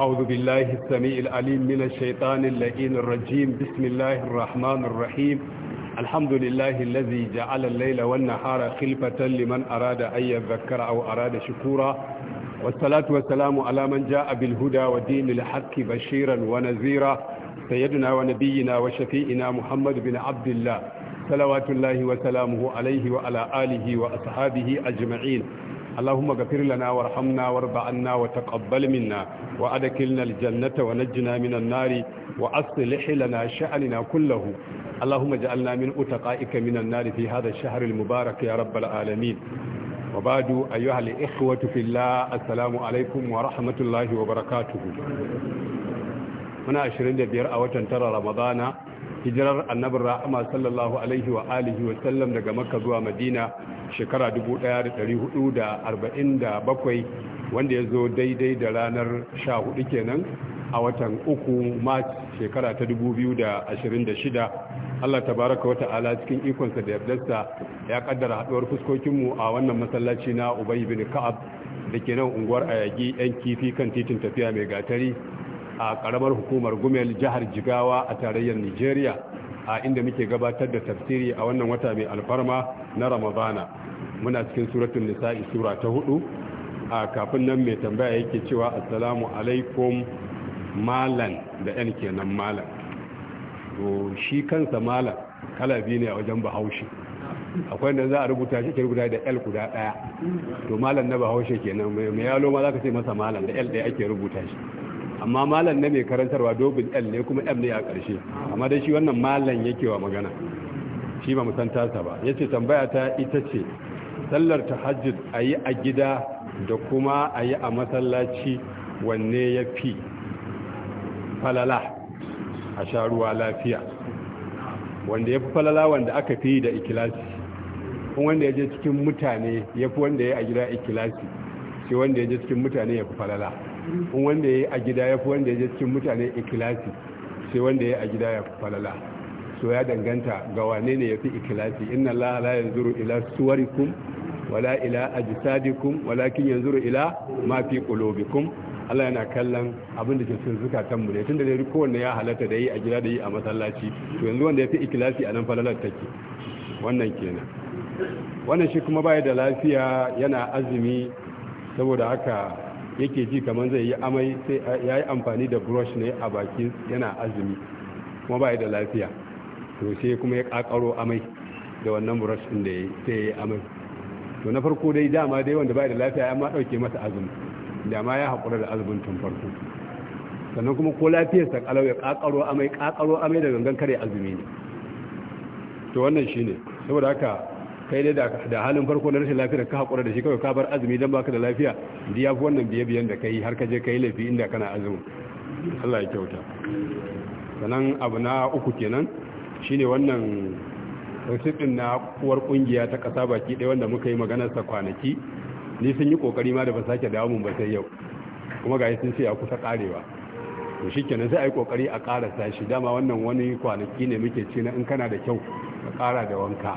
أعوذ بالله السميع العليم من الشيطان اللئين الرجيم بسم الله الرحمن الرحيم الحمد لله الذي جعل الليل والنهار خلفة لمن أراد أن يذكر أو أراد شكورا والصلاة والسلام على من جاء بالهدى ودين الحق بشيرا ونذيرا سيدنا ونبينا وشفيئنا محمد بن عبد الله صلوات الله وسلامه عليه وعلى آله وأصحابه أجمعين اللهم اغفر لنا وارحمنا وارض عنا وتقبل منا وأدخلنا الجنة ونجنا من النار وأصلح لنا شأننا كله اللهم اجعلنا من أتقائك من النار في هذا الشهر المبارك يا رب العالمين وبعد أيها الإخوة في الله السلام عليكم ورحمة الله وبركاته muna 25 a watan tara ramadana hijirar annabin ra'ama sallallahu alaihi wa alihi wa sallam daga makka zuwa madina shekara 1447 wanda ya zo daidai da ranar 14 kenan a watan uku march shekara ta 2026 Allah ta baraka wa ta'ala cikin ikonsa da yardarsa ya kaddara haduwar fuskokinmu a wannan masallaci na ubai bin Ka'ab da ke nan unguwar Ayagi yan kifi kan titin tafiya mai gatari a karamar hukumar gumel jihar jigawa a tarayyar nigeria a inda muke gabatar da tafsiri a wannan wata mai alfarma na ramadana muna cikin suratun nisa'i sura ta hudu a kafin nan mai tambaya yake cewa assalamu alaikum malan da yan kenan malan to shi kansa malan kala biyu ne a wajen bahaushe akwai da za a rubuta shi ke rubuta da l guda daya to malan na bahaushe kenan mai yalo ma za ka ce masa malan da l daya ake rubuta shi amma malam na mai karantarwa dobin l ne kuma m ne a ƙarshe amma dai shi wannan malam yake wa magana shi ba san tasa ba yace tambaya ta ita ce sallar hajjid a yi a gida da kuma a yi a masallaci wanne ya fi falala a sha ruwa lafiya wanda ya fi falala wanda aka fi da ikilasi kun wanda ya je cikin mutane ya fi wanda ya a gida ikilasi sai wanda ya je cikin mutane ya fi falala wanda ya yi a gida ya fi wanda ya je cikin mutane ikilasi sai wanda ya yi a gida ya falala so ya danganta ga wane ne ya fi ikilasi inna allaha la yanzuru ila suwarikum wala ila ajsadikum walakin yanzuru ila ma fi qulubikum Allah yana kallon abin da ke cikin zukatan mu ne tun da dai kowanne ya halatta da yi a gida da yi a masallaci to yanzu wanda ya fi ikilasi a nan falalar take wannan kenan wannan shi kuma bai da lafiya yana azumi saboda haka yake ji kamar zai yi amai sai ya yi amfani da brush ne a baki yana azumi kuma ba da lafiya to sai kuma ya kakaro amai da wannan brush din da sai ya yi amai to na farko dai dama dai wanda ba da lafiya ya ma dauke masa azumi dama ya haƙura da azumin tun farko sannan kuma ko lafiyar sa kalau ya kakaro amai kakaro amai da gangan kare azumi ne to wannan shine saboda haka kai dai da da halin farko na rashin lafiyar ka haƙura da shi kawai ka bar azumi don baka da lafiya diya fi wannan biye biyan da kai har ka je kai laifi inda kana azumi Allah ya kyauta sannan abu na uku kenan shine wannan rasitin na uwar kungiya ta kasa baki ɗaya wanda muka yi maganar sa kwanaki ni sun yi kokari ma da ba sake dawo mun ba sai yau kuma ga sun ce ya kusa karewa to shikenan sai a yi kokari a karasa shi dama wannan wani kwanaki ne muke ci in kana da kyau ka kara da wanka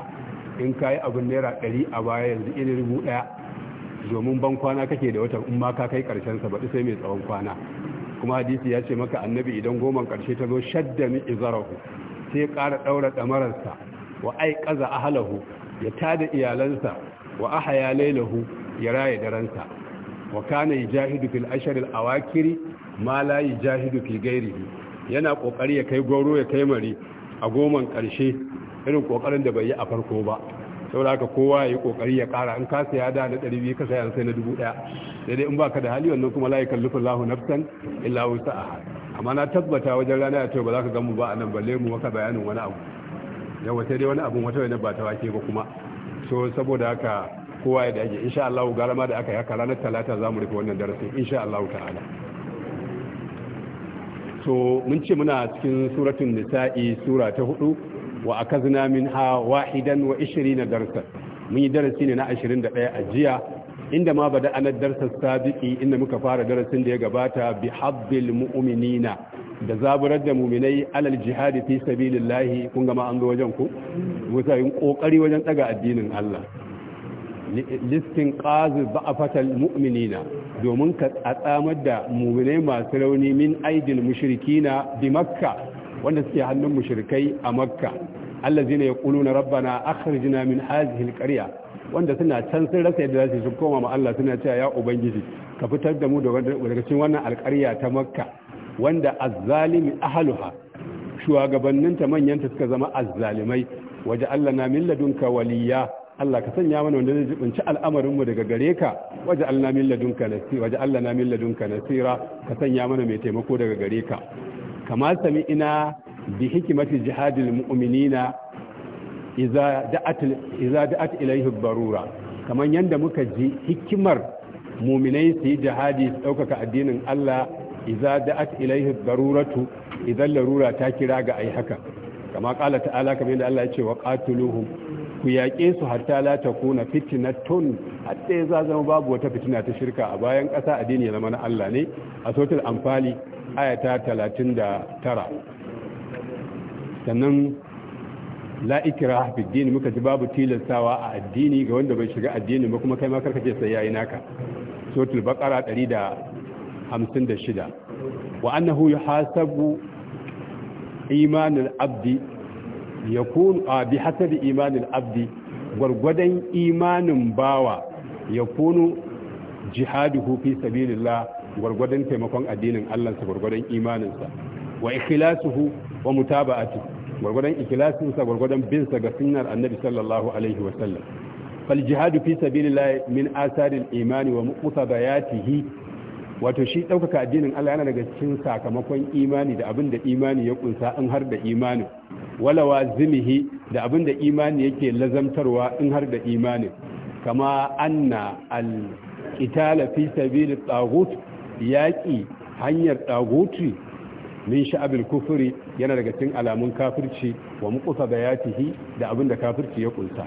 in ka yi abin naira ɗari a baya yanzu iri rubu ɗaya domin ban kwana kake da watan Umma ka kai ƙarshen sa baɗi sai mai tsawon kwana kuma hadisi ya ce maka annabi idan goman ƙarshe ta zo shadda mi izarahu sai ya ƙara ɗaura ɗamararsa wa ai ƙaza ahalahu ya tada iyalansa wa ahaya lailahu ya raye daransa wa kana jahidu fil asharil a awakiri ma la jahidu fi gairihi yana ƙoƙari ya kai goro ya kai mari a goman ƙarshe irin kokarin da bai yi a farko ba saboda haka kowa ya yi kokari ya kara an kasa ya da na 200 ka saya sai na 1000 daidai in ba ka da hali wannan kuma la yakallifu lahu nafsan illa hali amma na tabbata wajen rana ya ce ba za ka gamu ba a nan balle mu maka bayanin wani abu yawa sai dai wani abun wata wani ba ta wake ba kuma so saboda haka kowa ya dage insha Allah gara ma da aka yi haka ranar talata za mu rufe wannan darasin insha Allah ta'ala so mun ce muna cikin suratun nisa'i sura ta hudu wa akazna minha wahidan wa 20 darsa mun yi darasi ne na 21 a jiya inda ma bada anar darsar sabiki inda muka fara darasin da ya gabata bi habbil mu'minina da zaburar da muminai alal jihadi fi sabilillahi kun ma an ga wajen ku musa yin kokari wajen daga addinin Allah listin qazi ba'afatal mu'minina domin ka tsamar da muminai masu rauni min aidil mushrikina bi makka wanda suke hannun mushrikai a makka allazina yaquluna rabbana akhrijna min hadhihi alqarya wanda suna can sun rasa yadda za su koma ma Allah suna cewa ya ubangiji ka fitar da mu daga cikin wannan alqarya ta makka wanda azzalimi ahluha shugabanninta manyanta suka zama azzalimai waje Allah na min ladunka waliya Allah ka sanya mana wanda zai jibinci al'amarinmu daga gare ka waje Allah min ladunka nasira waje Allah na min ladunka nasira ka sanya mana mai taimako daga gare ka kamar sami ina bi hikimati jihadil mu'minina idza da'at idza da'at ilayhi darura kaman yanda muka ji hikimar mu'minai su yi jihadi su ɗaukaka addinin Allah idza da'at ilayhi daruratu idan larura ta kira ga ai haka kama kala ta'ala kamar yadda Allah ya ce wa ku yaƙe su hatta la takuna fitnatun hatta za zama babu wata fitina ta shirka a bayan ƙasa addini ya zama na Allah ne a sotul anfali ayata tara. sannan la'ikira fi muka ji babu tilastawa a addini ga wanda bai shiga addini ba kuma kai ma karkace sai yayi naka suratul baqara 156 wa annahu yuhasabu imanul abdi yakun bi hasabi imanul abdi gwargwadon imanin bawa yakunu jihaduhu fi sabilillah gwargwadon taimakon addinin Allah sa gwargwadon imaninsa wa ikhlasuhu wa mutaba'atuhu gwargwadon ikilasinsa gwargwadon binsa ga sunnar annabi sallallahu alaihi wasallam fal jihadu fi sabilillah min asaril imani wa muqtabayatihi wato shi ɗaukaka addinin Allah yana daga cikin sakamakon imani da abin da imani ya kunsa in har da imanin wala wazimihi da abin da imani yake lazamtarwa in har da imanin kama anna al-qitala fi sabil taghut yaqi hanyar taghuti min sha'abil kufri yana daga cikin alamun kafirci wa muqsa bayatihi da abin da kafirci ya ƙunsa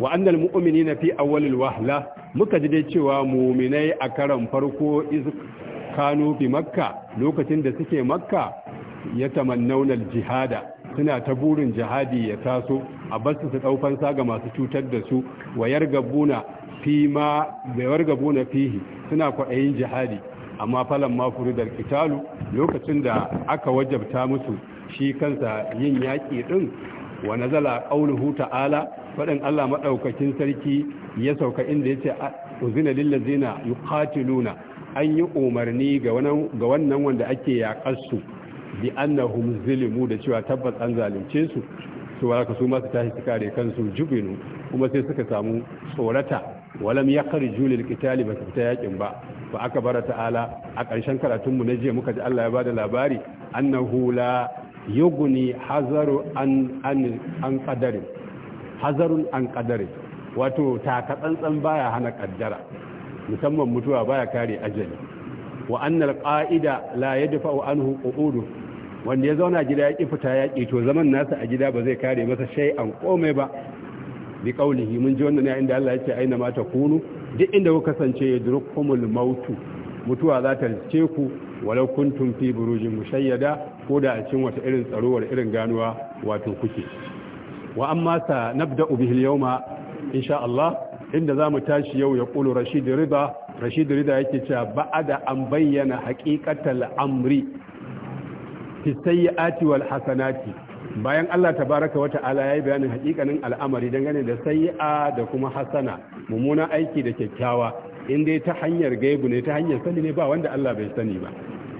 wa annal na fi awwalil wahla muka ji dai cewa mu'minai a karan farko iz kanu fi makka lokacin da suke makka ya tamannawna jihada suna ta burin jihadi ya taso a basu su daufan ga masu cutar da su wa yargabuna fi ma da yargabuna fihi suna kwaɗayin jihadi amma falan makuri da kitalu lokacin da aka wajabta musu shi kansa yin yaƙi ɗin wa nazala huta ta'ala faɗin Allah maɗaukakin sarki ya sauka inda ya yace uzina lil ladzina yuqatiluna an yi umarni ga wannan wanda ake yaƙarsu bi annahum zulimu da cewa tabbas an zalunce su su ka su masu tashi su kare kansu jubinu kuma sai suka samu tsorata walam ya kharju lil qitali ba su fita yakin ba Fa aka bara ta'ala a ƙarshen karatunmu na jiya muka ji Allah ya ba da labari annahu la yughni hazaru an an an qadari hazarun an qadari wato ta tsantsan baya hana kaddara musamman mutuwa baya kare ajali wa annal qa'ida la yadfa'u anhu qu'udu wanda ya zauna gida ya ki fita yaƙi to zaman nasa a gida ba zai kare masa shay'an komai ba bi qaulihi mun ji wannan inda Allah ya ce aina ma kunu duk inda ku kasance yadrukumul mautu mutuwa za ta riske ku walau kuntum fi burujin mushayyada ko da a cikin wata irin tsaro wata irin ganuwa wato kuke wa amma sa nabda'u bihi yawma insha Allah inda zamu tashi yau ya qulu Rashid Rida Rashid Rida yake cewa da an bayyana haqiqatal amri fi sayyiati wal hasanati bayan Allah ta baraka wata ala ya yi bayanin hakikanin al'amari dangane da sai'a da kuma hasana mummunan aiki da kyakkyawa in dai ta hanyar gaibu ne ta hanyar sani ne ba wanda Allah bai sani ba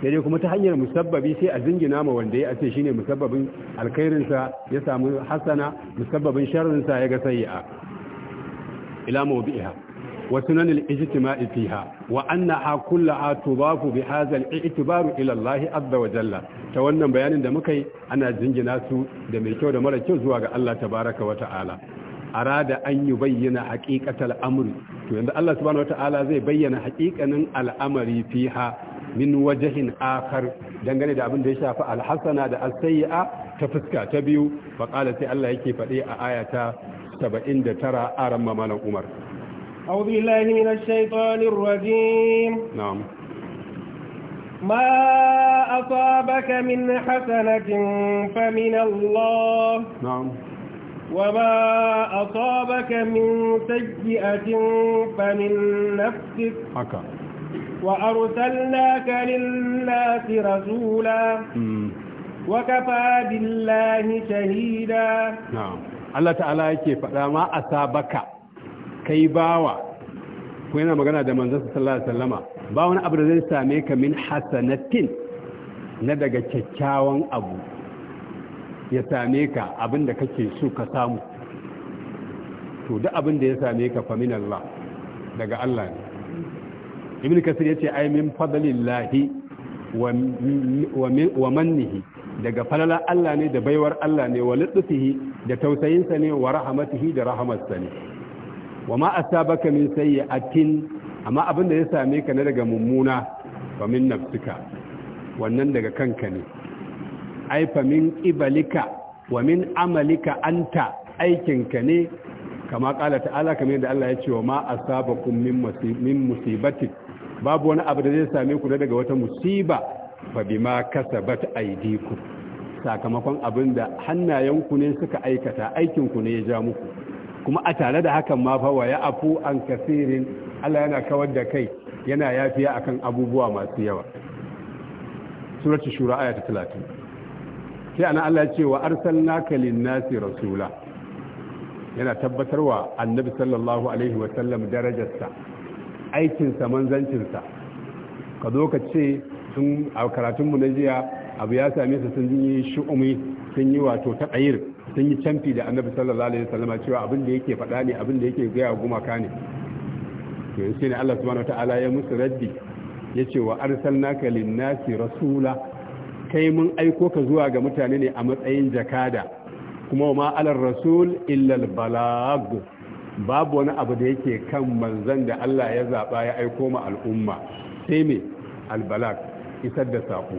sai kuma ta hanyar musabbabi sai a zingina ma wanda ya ce shine musabbabin alkhairinsa ya samu hasana musabbabin sharrinsa ya ga sayi'a. ila mawdi'iha wa sunanil ijtima'i fiha wa annaha kullaha tubaku bi hadha al-i'tibaru ila Allah ta wannan bayanin da muka yi ana jingina su da mai kyau da mara kyau zuwa ga Allah tabaraka wa ta'ala arada an yi bayyana haqiqatal amri to yanda Allah subhanahu wa ta'ala zai bayyana haqiqanin al'amari fiha min wajhin akhar dangane da abin da ya shafi alhasana da as ta fuska ta biyu faqala sai Allah yake faɗi a ayata 79 aran mamalan Umar أعوذ بالله من الشيطان الرجيم نعم ما أصابك من حسنة فمن الله نعم وما أصابك من سيئة فمن نفسك حكا وأرسلناك للناس رسولا مم. وكفى بالله شهيدا نعم الله تعالى يكي ما أصابك kai bawa ko yana magana da manzon sallallahu alaihi wasallama ba wani abu da zai same ka min hasanatin na daga kyakkyawan abu ya same ka abin da kake so ka samu to duk abin da ya same ka fa min Allah daga Allah ne ibn kasir yace ai min fadlillahi wa mannihi daga falala Allah ne da baiwar Allah ne wa lutfihi da tausayinsa ne wa rahmatihi da rahmatsa ne wa ma asabaka min sayyi'atin amma abin da ya same ka na daga mummuna ba min nafsika wannan daga kanka ne ai fa min ibalika wa min amalika anta aikinka ne kama kala ta'ala kamar yadda Allah ya ce wa ma asabakum min min musibati babu wani abu da zai same ku daga wata musiba fa bima kasabat aydikum sakamakon abin da hannayenku ne suka aikata aikinku ne ya ja muku kuma a tare da hakan ma fa ya afu an kasirin Allah yana kawar da kai yana yafiya akan abubuwa masu yawa suratu shura aya ta 30 sai ana Allah ce wa arsalnaka lin-nasi rasula yana tabbatarwa annabi sallallahu alaihi wa sallam darajarsa aikin sa manzancin sa ka zo ka ce sun a karatun mu na jiya abu ya same su sun yi shu'umi sun yi wato taƙayir sun yi canfi da annabi sallallahu alaihi wasallam cewa abin da yake faɗa ne abin da yake gaya gumaka ne to sai ne Allah subhanahu wataala ya musu raddi yace wa arsalnaka lin-nasi rasula kai mun aiko ka zuwa ga mutane ne a matsayin jakada kuma ma alar rasul illa al-balag babu wani abu da yake kan manzon da Allah ya zaba ya aiko ma al'umma sai me al-balag isar da sako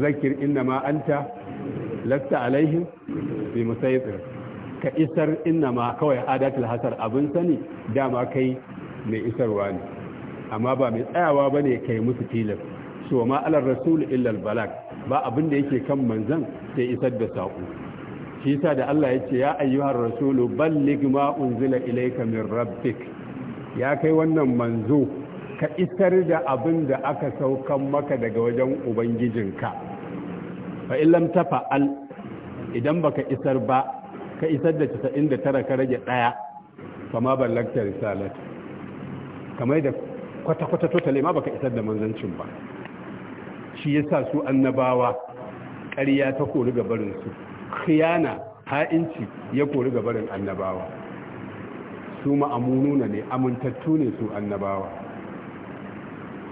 zakir inna ma anta lakta alaihim bi musaytir ka isar inna ma kawai adatul hasar abin sani dama kai mai isarwa ne amma ba mai tsayawa bane kai musu tilas so ma alar rasul illa al balag ba abin da yake kan manzon sai isar da sako shi yasa da Allah ya ce ya ayyuhar rasulu balligh ma unzila ilayka min rabbik ya kai wannan manzo ka isar da abin da aka saukan maka daga wajen ubangijinka fa illam tafa'al idan baka isar ba ka isar da 99 ka rage daya fama ballagta risalat kamar da kwata-kwata totale ma baka isar da manzancin ba shi yasa su annabawa ƙarya ta kori gabarin su khiyana ha'inci ya kori gabarin annabawa su ma'amununa ne amintattu ne su annabawa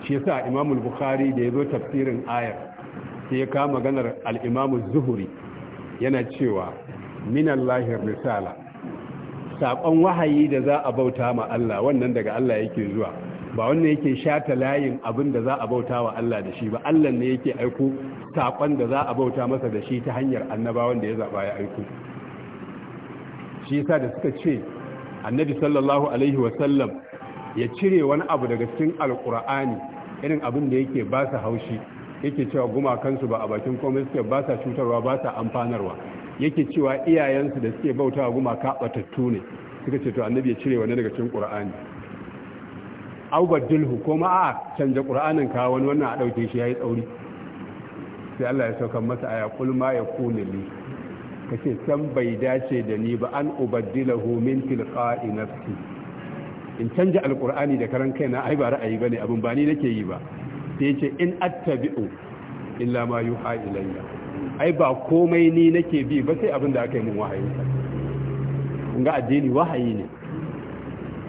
shi yasa imamul bukhari da ya zo tafsirin ayar sai ya kama maganar al'imamu zuhuri yana cewa minallahi risala saƙon wahayi da za a bauta ma Allah wannan daga Allah yake zuwa ba wannan yake shata layin abin da za a bauta wa Allah da shi ba Allah ne yake aiko saƙon da za a bauta masa da shi ta hanyar annabawan da ya zaɓa ya aiko shi yasa da suka ce annabi sallallahu alaihi wasallam ya cire wani abu daga cikin alƙur'ani irin abin da yake ba su haushi yake cewa gumakansu ba a bakin komai suke ba sa cutarwa ba sa amfanarwa yake cewa iyayensu da suke bautawa gumaka batattu ne suka ce to annabi ya cire wani daga cikin qur'ani au badilhu ko ma a canja qur'anin ka wani wannan a dauke shi yi tsauri sai Allah ya sauka masa aya kulma ma yakunu li kace san bai dace da ni ba an ubaddilahu min tilqa'i nafsi in canja alqur'ani da karan na ai ba ra'ayi bane abin ba ni nake yi ba sai yake in attabi'u illa ma yuha ilayya ai ba komai ni nake bi ba sai abin da aka yi min wahayi kun ga addini wahayi ne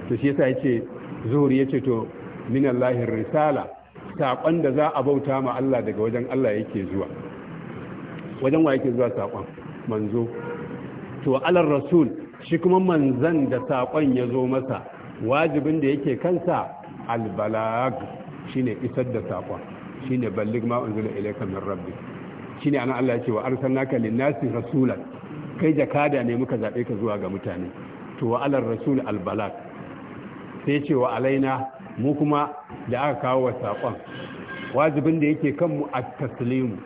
to shi yasa yace zuhuri yace to min Allahi risala saƙon da za a bauta ma Allah daga wajen Allah yake zuwa wajen wa yake zuwa saƙon manzo to alar rasul shi kuma manzan da saƙon ya zo masa wajibin da yake kansa albalag shine isar da saƙon shine ballig ma unzila ilayka min rabbi shine anan Allah ya ce wa arsalnaka lin-nasi rasulan kai jakada ne muka zabe ka zuwa ga mutane to wa alar rasul al-balag sai ce wa alaina mu kuma da aka kawo wa saƙon wajibin da yake kanmu a taslim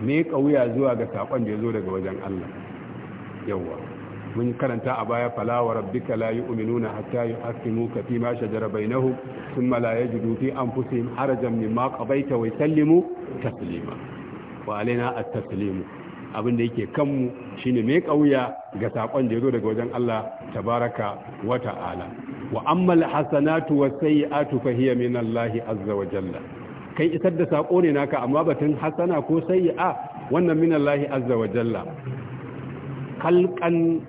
me kauya zuwa ga saƙon da ya zo daga wajen Allah yawwa mun karanta a baya fala wa rabbika la yu'minuna hatta yuhaqqimuka fi ma shajara bainahum thumma la yajidu fi anfusihim harajan mimma qadaita wa yusallimu taslima wa alaina at-taslimu abin da yake kanmu shine mai kauya ga sakon da yazo daga wajen Allah tabaraka wa ta'ala wa amma al-hasanatu was-sayyi'atu fa hiya min Allah azza wa jalla kai isar da sako ne naka amma batun hasana ko sayyi'a wannan min Allah azza wa jalla kalkan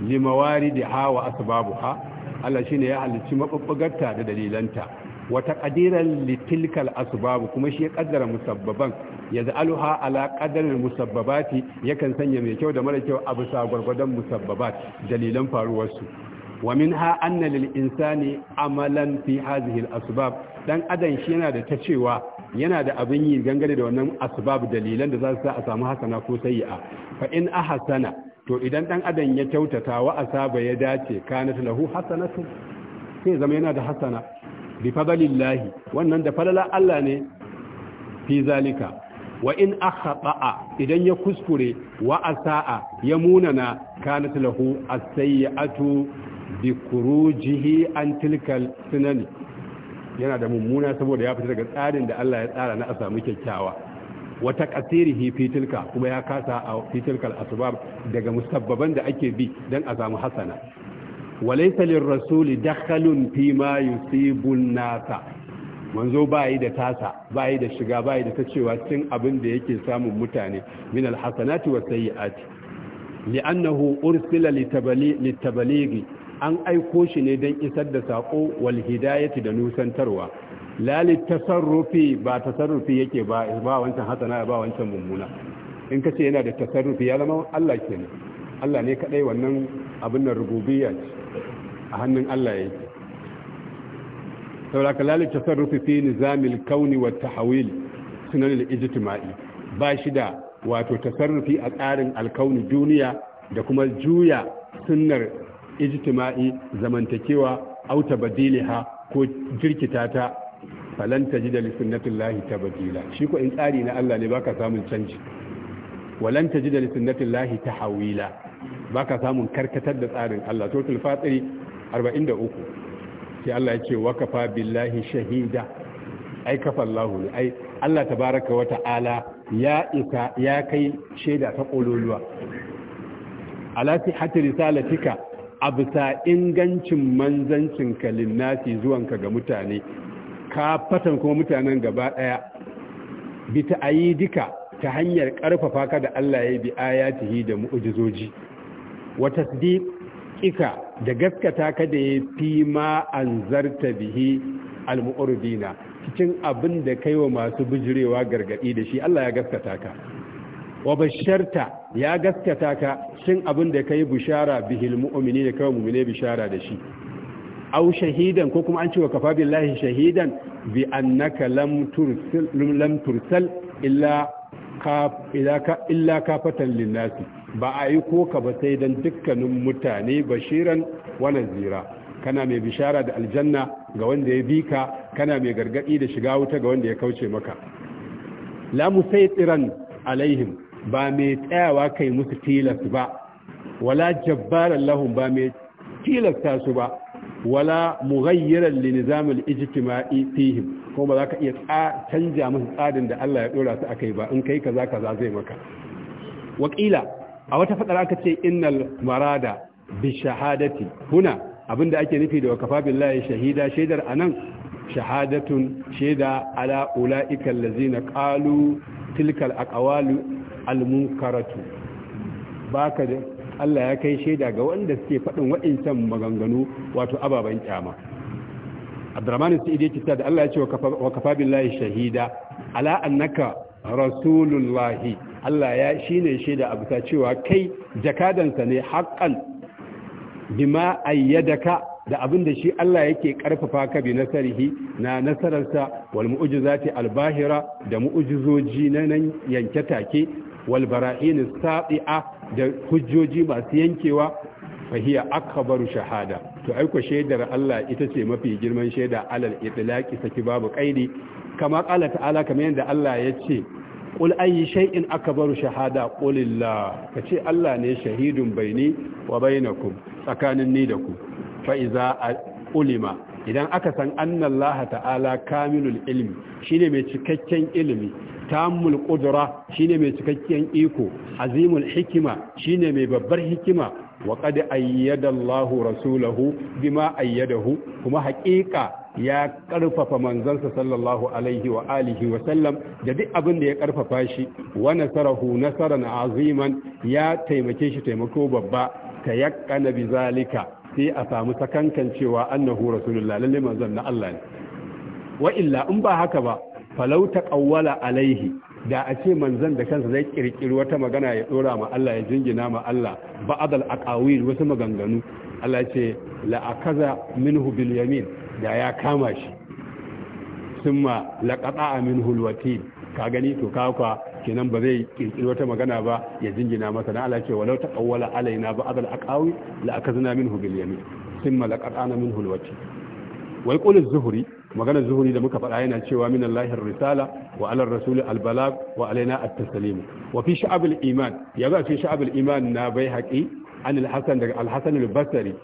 limawari da hawa asbabu ha Allah shine ya halicci mabubbugarta da dalilanta wata ƙadirar litilkal asbabu kuma shi ya kaddara musabbaban yaz'aluha ala qadaril musabbabati yakan sanya mai kyau da mara kyau a bisa gwargwadon musabbabat dalilan faruwarsu. su wa minha anna lil insani amalan fi hadhihi al asbab dan adam shi yana da ta cewa yana da abin yi gangare da wannan asbab dalilan da za su sa a samu hasana ko sayi'a fa in ahsana to idan dan adam ya kyautata wa asaba ya dace kanat lahu hasanatu sai zama yana da hasana bi fadlillahi wannan da falala Allah ne fi zalika wa in akhata idan ya kuskure wa asaa ya munana kanat lahu as-sayyi'atu bi khurujihi an tilkal sunani yana da mummuna saboda ya fita daga tsarin da Allah ya tsara na a samu kyakkyawa Wata kasiri fi tilka kuma ya kasa a fi asbab daga musabbaban da ake bi dan a samu hasana walaysa lirrasuli dakhalun fi ma yusibun nasa manzo bayi da tasa bayi da shiga bayi da ta cewa cikin abin da yake samun mutane min alhasanati wasayi'ati li'annahu ursila litabaligi an aiko shi ne don isar da sako wal hidayati da nusantarwa lalit tasarrufi ba tasarrufi yake ba ba wancan hasana ba wancan mummuna in ka ce yana da tasarrufi ya zama Allah ke ne Allah ne kadai wannan abin nan rububiyya a hannun Allah yake saboda lalit tasarrufi fi nizamil kauni wa tahawil sunan al-ijtima'i ba shi da wato tasarrufi a tsarin alkauni duniya da kuma juya sunnar ijtima'i zamantakewa auta badiliha ko jirkita ta falan sunnatin lahi ta badila shi ko in tsari na Allah ne baka samun canji walan ta sunnatin lahi ta hawila baka samun karkatar da tsarin Allah suratul fatiri 43 sai Allah yake wakafa billahi shahida ai kafa Allah ne ai Allah tabaraka wa ta'ala ya isa ya kai shaida ta kololuwa ala hatta risalatika abta ingancin manzancin linnati zuwanka ga mutane Ka fatan kuma mutanen gaba ɗaya bita ta ayi duka ta hanyar ƙarfafa ka da Allah ya bi ayatihi da mu'ujizoji Wata tasdiqika da gaskata ka da ya fi ma anzarta bihi almu'urdina cikin abin da kai wa masu bijirewa gargaɗi da shi Allah ya gaskata ka wa basharta ya gaskata ka cikin abin da kai bishara bihil mu'mini da kai mu'mine bishara da shi au shahidan ko kuma an ce wa kafa billahi shahidan bi annaka lam tursal lam tursal illa ka illa ka illa kafatan linnasi ba a yi ko ka ba sai dan dukkanin mutane bashiran wa nazira kana mai bishara da aljanna ga wanda ya bi ka kana mai gargadi da shiga wuta ga wanda ya kauce maka la musaytiran alaihim ba mai tsayawa kai musu tilas ba wala jabbaran lahum ba mai tilasta su ba wala mughayyiran li nizamil ijtima'i fihim ko ba za ka iya canja musu tsarin da Allah ya dora su akai ba in kai kaza za zai maka wakila a wata fadar aka ce innal marada bi shahadati huna abinda ake nufi da wakafa billahi shahida shaidar anan shahadatun shaida ala ulaika allazina qalu tilkal aqwalu al munkaratu baka da Allah ya kai shaida ga wanda suke faɗin wa'incan maganganu wato ababen kyama Abdurrahman Sa'id yake kitta da Allah ya ce wa kafa billahi shahida ala annaka rasulullahi Allah ya shine shaida abu ta cewa kai jakadansa ne haqqan bima ayyadaka da abin da shi Allah yake karfafa ka bi nasarihi na nasararsa wal mu'jizati al bahira da mu'jizoji na nan yanke take wal bara'in sabi'a da hujjoji masu yankewa fahiya akabaru shahada to aiko shaidar Allah ita ce mafi girman shaida alal itlaqi saki babu kaidi kamar Allah ta'ala kamar yadda Allah ya ce qul ayyi shay'in akbaru shahada qulillah kace Allah ne shahidun baini wa bainakum tsakanin ni da ku fa iza ulima idan aka san annallaha ta'ala kamilul ilmi shine mai cikakken ilimi tamul qudra shine mai cikakken iko azimul hikima shine mai babbar hikima wa qad ayyadallahu rasulahu bima ayyadahu kuma haƙiƙa ya karfafa manzansa sallallahu alaihi wa alihi wa sallam da duk abin da ya karfafa shi wa nasarahu nasaran aziman ya taimake shi taimako babba tayakkana bi zalika sai a samu sakankan cewa annahu rasulullah lalle manzon na Allah ne wa illa in ba haka ba falau ƙawwala alaihi da a ce manzan da kansa zai ƙirƙiri wata magana ya ɗora ma Allah ya jingina ma Allah a aqawil wasu maganganu Allah ce la akaza min hubil yamin da ya kama shi sun ma summa a min hulwatin ka gani to ka kenan ba zai ƙirƙiri wata magana ba ya jingina masa Na Allah ce walau ta ƙawwala taqawwala alaina a aqawil la akazna min hubil yamin ma laqata na min hulwatin wai az-zuhri maganar zuhuri da muka faɗa yana cewa min Allahir risala wa alar rasul al balag wa alaina at taslim wa fi al iman ya ga fi sha'ab iman na bai haqi an al hasan daga al hasan al basri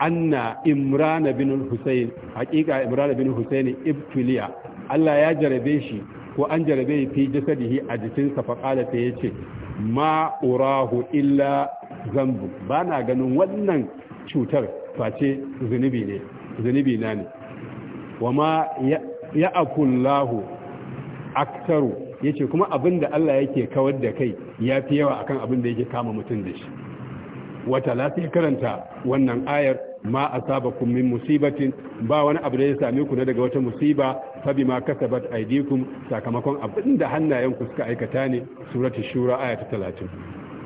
anna imran bin al husayn haqiqa imran bin husayn ibtiliya Allah ya jarabe shi ko an jarabe fi jasadihi a sa fa qala ta yace ma urahu illa zambu bana ganin wannan cutar face zunubi ne zunubi na ne Wama ya ya'kullahu aktaru yace kuma abin da Allah yake kawar da kai ya fi yawa akan abinda yake kama mutum da shi wata lafi karanta wannan ayar ma a saba min musibatin ba wani abu da ya sami ku na daga wata musiba fabi ma kasabat aydikum sakamakon abinda hannayen ku suka aikata ne suratul shura aya ta talatin.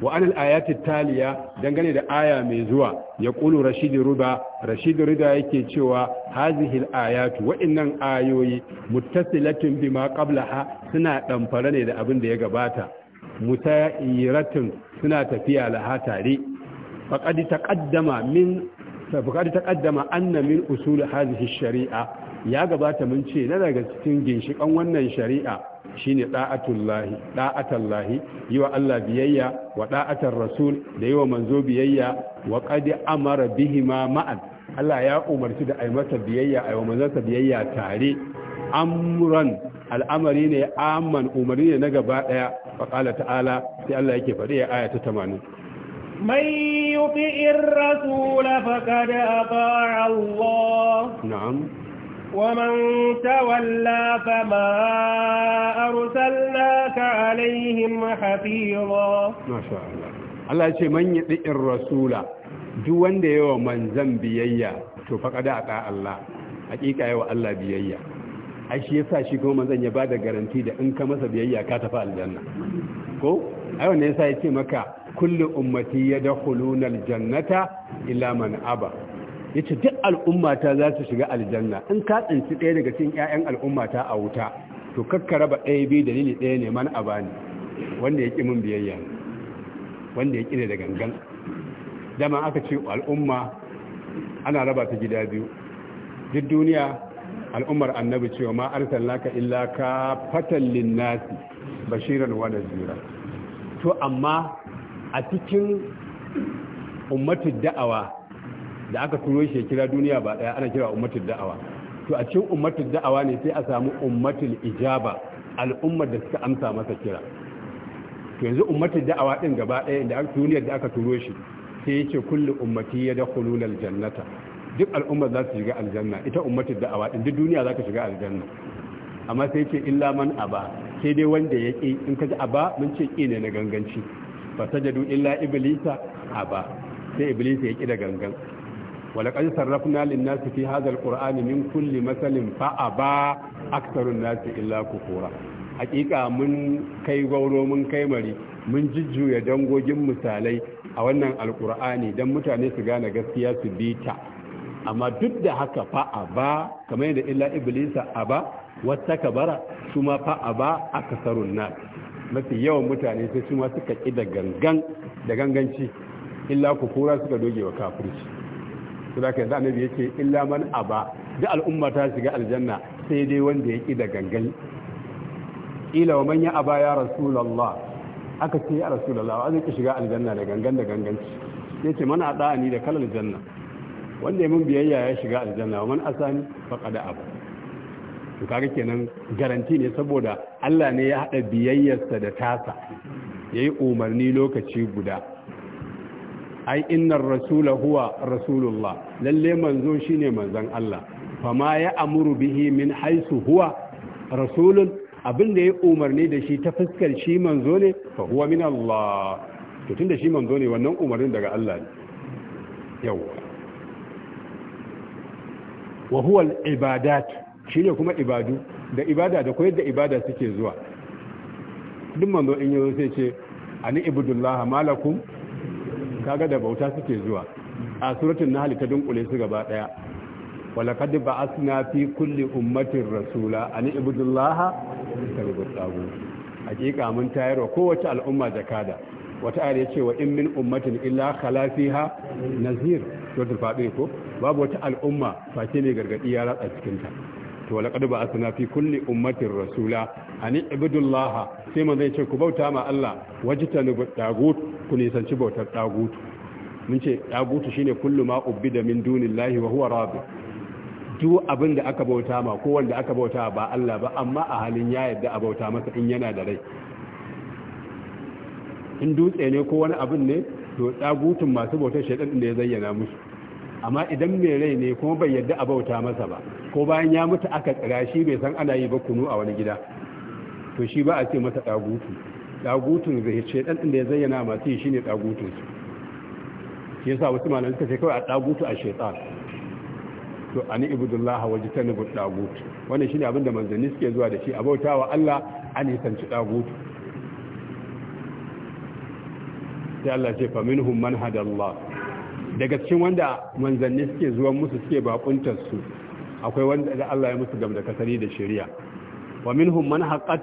wa anil ayati taliya dangane da aya mai zuwa ya kulu rashid ruba rashid ruba yake cewa hazihi ayatu wa'innan ayoyi muttasilatun bima qablaha suna damfara ne da abin da ya gabata mutayiratun suna tafiya laha tare faqad taqaddama min faqad taqaddama anna min usul hazihi shari'a ya gabata mun ce na daga cikin ginshikan wannan shari'a shine da'atullahi da'atallahi yi wa Allah biyayya wa da'atar rasul da yi wa manzo biyayya wa qad amara bihima ma'an Allah ya umarci da ai masa biyayya ai manzansa biyayya tare amran al'amari ne amman umarni ne na gaba daya fa qala ta'ala sai Allah yake faɗi a aya ta 80 من يطع الرسول فقد أطاع الله نعم ومن تولى فما ka alaihim masha Allah Allah ce man yadi rasula duk wanda yawa manzan biyayya to fa a ta Allah hakika yawa Allah biyayya ai shi yasa shi kuma manzan ya bada garanti da in ka masa biyayya ka tafi aljanna ko ai wannan yasa ya ce maka kullu ummati yadkhuluna aljannata illa man aba yace duk al'ummata za su shiga aljanna in ka tsinci ɗaya daga cikin ƴaƴan al'ummata a wuta to kakkara raba ɗaya biyu dalili ɗaya ne a abani wanda ya ƙi min biyayya wanda ya ƙi ne da gangan dama aka ce al'umma ana raba ta gida biyu duk duniya al'ummar annabi cewa ma laka illa ka fatan linnasi bashiran wa nazira to amma a cikin ummatul da'awa da aka turo shi kira duniya ba daya ana kira ummatul da'awa to a cikin ummatul da'awa ne sai a samu ummatul ijaba al'ummar da suka amsa masa kira to yanzu ummatul da'awa din gaba ɗaya inda aka tuniyar da aka turo shi sai yace kullu ummati yadkhuluna jannata. duk al'ummar za su shiga aljanna ita ummatul da'awa din duk duniya za ka shiga aljanna amma sai yace illa man aba sai dai wanda ya ki in kaji aba mun ce ki ne na ganganci sajadu illa iblisa aba sai iblisa ya ki da gangan ولقد صرفنا للناس في هذا القرآن من كل مثل فأبى أكثر الناس إلا كفورا hakika mun kai gauro mun kai mari mun jujjuya dangogin misalai a wannan alkur'ani don mutane su gane gaskiya su bi ta amma duk da haka fa'a ba kamar da illa iblisa a ba wata kabara su ma fa'a mafi yawan mutane sai su ma suka ƙi gangan da ganganci illa kufura suka doge wa kafirci za zaka yanzu annabi yace illa man aba da al'umma ta shiga aljanna sai dai wanda ya ki da gangan ila wa man ya aba ya rasulullah aka ce ya rasulullah wa zai ki shiga aljanna da gangan da ganganci yace man ada ni da kalal janna wanda ya mun biyayya ya shiga aljanna wa man asani da aba to kaga kenan garanti ne saboda Allah ne ya hada biyayyarsa da tasa yayi umarni lokaci guda ai innar rasula huwa rasulullah lalle manzo shine manzon Allah fama ya amuru bihi min haisu huwa rasulun abinda ya umarni da shi ta fuskar shi manzo ne fa huwa min Allah to tunda shi manzo ne wannan umarnin daga Allah ne yawa wa huwa al-ibadat shine kuma ibadu da ibada da koyar da ibada suke zuwa duk manzo in yazo sai ce ani ibudullah malakum kaga da bauta suke zuwa a suratul nahl ta dunkule su gaba daya kad ba'athna fi kulli ummatin rasula an ibudullaha tabuttagu hakika mun tayarwa kowace al'umma zakada wata ayar yace wa in min ummatin illa khala fiha nazir da fadi ko babu wata al'umma face ne gargadi ya ratsa cikin ta to laqad ba'athna fi kulli ummatin rasula ani ibudullah sai man zai ce ku bauta ma Allah wajtanu tagut ku nisanci bautar tagut mun ce tagut shine kullu ma ubida min dunillahi wa huwa rabb duk abin da aka bauta ma ko wanda aka bauta ba Allah ba amma a halin ya yadda a bauta masa in yana da rai in dutse ne ko wani abin ne to tsagutun masu bautar din da ya zayyana musu amma idan mai rai ne kuma bai yadda a bauta masa ba ko bayan ya mutu aka tsira shi bai san ana yi ba kunu a wani gida to shi ba a ce masa ɗagutu ɗagutun zai ce ɗan din da ya zayyana masu yi shine ɗagutun shi yasa wasu malamai suka ce kawai a ɗagutu a shaitan to ani ibudullah waje ta nubu ɗagutu wannan shine abinda manzanni suke zuwa da shi a bautawa Allah an ci ɗagutu sai Allah ce fa minhum man hadallah daga cikin wanda manzanni suke zuwa musu suke bakuntar su akwai wanda Allah ya musu gamda kasari da shari'a wa minhum man haqqat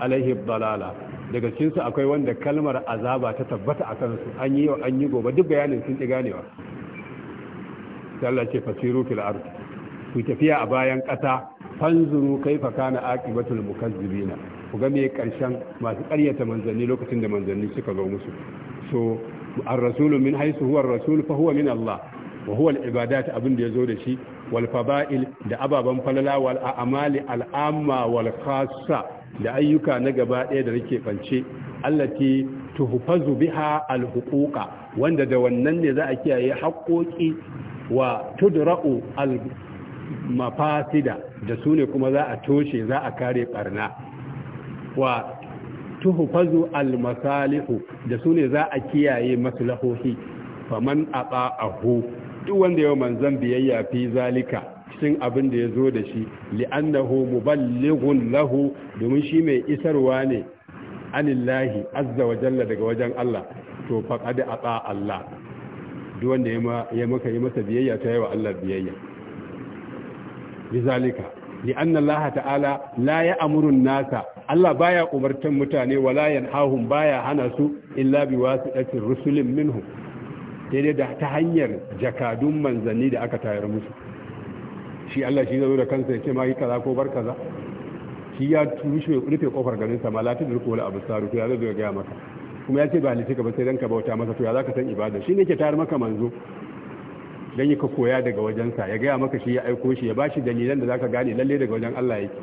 alaihi dalala daga cikin su akwai wanda kalmar azaba ta tabbata akan su an yi an yi gobe duk bayanin sun ki ganewa sai Allah ce fasiru fil ard ku tafiya a bayan kasa fanzuru kaifa kana aqibatul mukazzibina ku ga me karshen masu ƙaryata manzanni lokacin da manzanni suka zo musu so ar-rasulu min haythu huwa ar-rasul fa huwa min Allah wa huwa al-ibadat abin da yazo da shi walfaba'il da ababan falala wal a'mali al'amma wal khassa da ayyuka na gaba ɗaya da nake bance allati tuhfazu biha al huquqa wanda da wannan ne za a kiyaye haƙoƙi wa tudra'u al mafasida da su ne kuma za a toshe za a kare barna wa tuhfazu al masalihu da su ne za a kiyaye maslahohi faman ata'ahu duk wanda yau manzan biyayya fi zalika cikin abin da ya zo da shi li'annahu muballighun lahu domin shi mai isarwa ne anillahi azza wa jalla daga wajen Allah to faqad ata Allah duk wanda ya maka yi masa biyayya ta yawa Allah biyayya bizalika li'anna Allah ta'ala la ya'muru an-nasa Allah baya umartan mutane wala yanhahum baya hana su illa biwasitatir rusulin minhum dai da ta hanyar jakadun manzanni da aka tayar musu shi Allah shi zo da kansa ya ce ma yi kaza ko bar kaza shi ya rushe rufe kofar garin sa malatu da kola abu saru to ya zo ga maka kuma ya ce ba halice ka ba sai dan ka bauta masa to ya zaka san ibada shi ne ke tayar maka manzo dan yi ka koya daga wajensa ya gaya maka shi ya aiko shi ya bashi dalilan da zaka gane lalle daga wajen Allah yake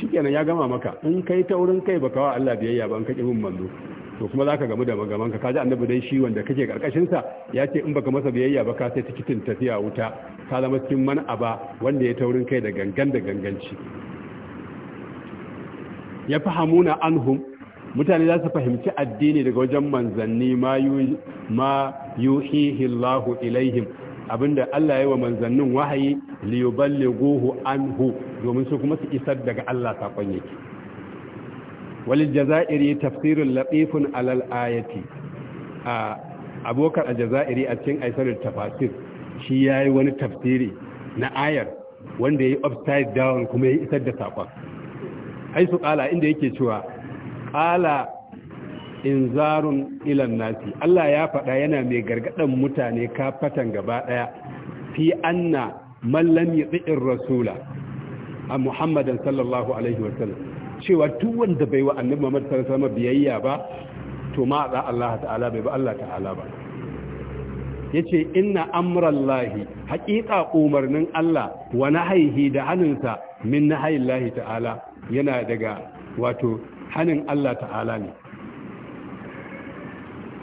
shikenan ya gama maka in kai taurin kai baka wa Allah biyayya ba in ka kibin manzo to kuma zaka gamu da magaman ka kaji annabi dai shi wanda kake karkashin sa ya ce in baka masa biyayya ba ka sai tikitin tafiya wuta ka zama cikin man aba wanda ya taurin kai da gangan da ganganci ya fahamuna anhum mutane za su fahimci addini daga wajen manzanni ma yuhihi Allahu ilaihim abinda Allah ya wa manzannin wahayi liyuballighuhu anhu domin su kuma su isar daga Allah sakon yake walil jazairi tafsirul latifun alal ayati a abokan aljazairi a cikin aisarul tafasir shi yayi wani tafsiri na ayar wanda yayi upside down kuma yayi isar da sakon su kala inda yake cewa kala inzarun ilan nasi Allah ya faɗa yana mai gargadan mutane kafatan gaba daya fi anna man lam yuti'ir rasula a Muhammadan sallallahu alaihi wasallam cewa duk wanda bai wa annabi Muhammad sallallahu alaihi wasallam biyayya ba to ma da Allah ta'ala bai ba Allah ta'ala ba yace inna amrallahi haqiqa umarnin Allah wa nahyihi da haninsa min nahyillahi ta'ala yana daga wato hanin Allah ta'ala ne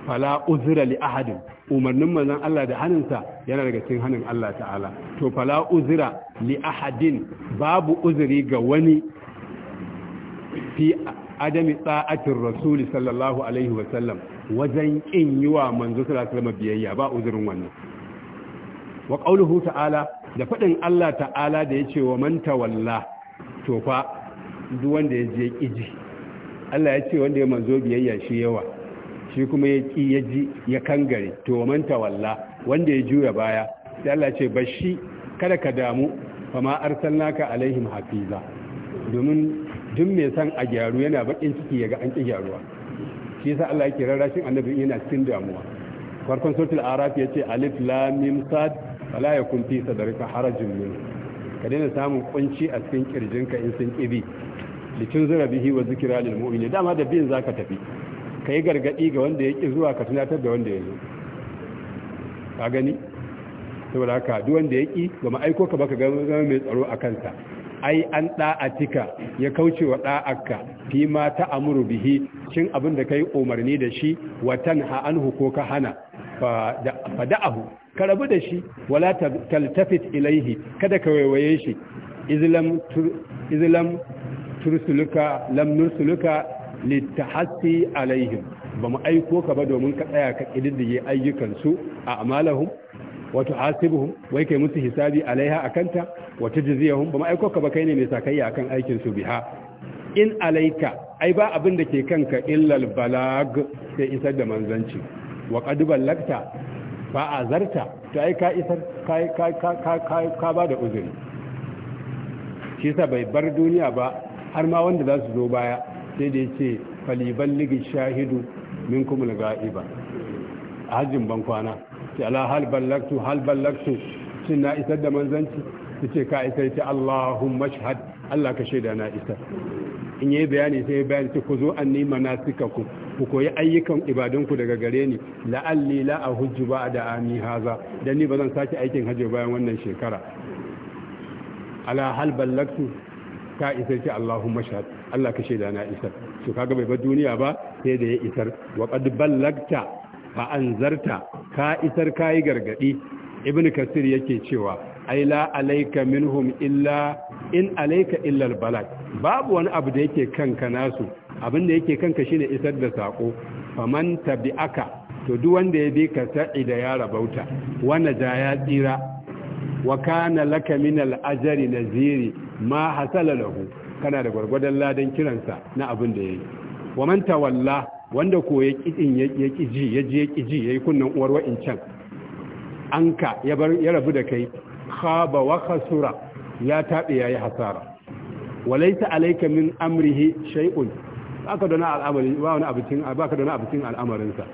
fala uzra li ahadin umarnin manzon Allah da haninsa yana daga cikin hanin Allah ta'ala to fala uzra li ahadin babu uzuri ga wani fi adami tsa'atin rasuli sallallahu alaihi wasallam wajen in yi wa manzo sallallahu biyayya ba uzurin wannan wa qauluhu ta'ala da fadin Allah ta'ala da yace wa man tawalla to fa duk wanda ya je kiji Allah ya ce wanda ya manzo biyayya shi yawa shi kuma ya ki ya ji ya kangare to wa man tawalla wanda ya juya baya sai Allah ya ce bashi kada ka damu fama arsalnaka alaihim hafiza domin duk mai san a gyaru yana bakin ciki ya ga an ki gyaruwa shi yasa Allah yake rarrashin annabi yana cikin damuwa farkon suratul araf yace alif lam mim sad wala yakun fi sadrika harajun min ka daina samun kunci a cikin kirjinka in sun kibi litun zura bihi wa zikra lil mu'minin dama da bin zaka tafi kai gargadi ga wanda yake zuwa ka tunatar da wanda yake ka gani saboda haka duk wanda yake ba mai aiko ka baka ga mai tsaro a kansa ai an da'atika ya kauce wa da'akka fi ma ta'amuru bihi cin abin da kai umarni da shi wa tanha anhu ko ka hana fa da'ahu ka rabu da shi wala taltafit ilaihi kada ka waiwaye shi izlam izlam tursuluka lam nursuluka litahassi alaihim ba mu aiko ka ba domin ka tsaya ka kididdige ayyukansu a amalahum wato hasibuhum wai kai musu hisabi alaiha akanta wa tajziyahum ba ma'aikoka ka ba kai ne mai sakayya akan aikin su biha in alaika ai ba abin da ke kanka illal balag sai isar da manzanci wa qad ballagta fa azarta to ai ka isar ka ka ka ka ba da uzuri shi yasa bai bar duniya ba har ma wanda za su zo baya sai da yace faliballigi shahidu minkum al-ghaiba hajjin ban kwana ce ala hal ballagtu hal ballagtu sun na isar da manzanci yace ka isar ta Allahumma shahad Allah ka shaida na isar in yayi bayani sai ya bayani ku zo anni manasikakum ku koyi ayyukan ibadanku daga gare ni la'alli la ahujju ba'da ami haza dan ni bazan sake aikin hajji bayan wannan shekara ala hal ballagtu ka isar ki Allahumma shahad Allah ka shaida na isar to kaga bai bar duniya ba sai da ya isar wa qad ballagta fa anzarta ka isar kayi gargadi ibnu kasir yake cewa ai la alayka minhum illa in alayka illa albalag babu wani abu da yake kanka nasu abin da yake kanka shine isar da sako faman tabi'aka to duk wanda ya bi ka da ya rabauta wana ja ya tsira wa kana laka min al'ajri naziri ma hasala lahu kana da gwargwadon ladan kiransa na abin da yayi wa man tawalla wanda ko ya kidin ya kiji ya ji ya kiji ya yi kunnan uwar can an ka ya rabu da kai khaba wa khasura ya taɓe ya yi hasara ta alaika min amrihi shay'un da ba wani abincin baka al'amarinsa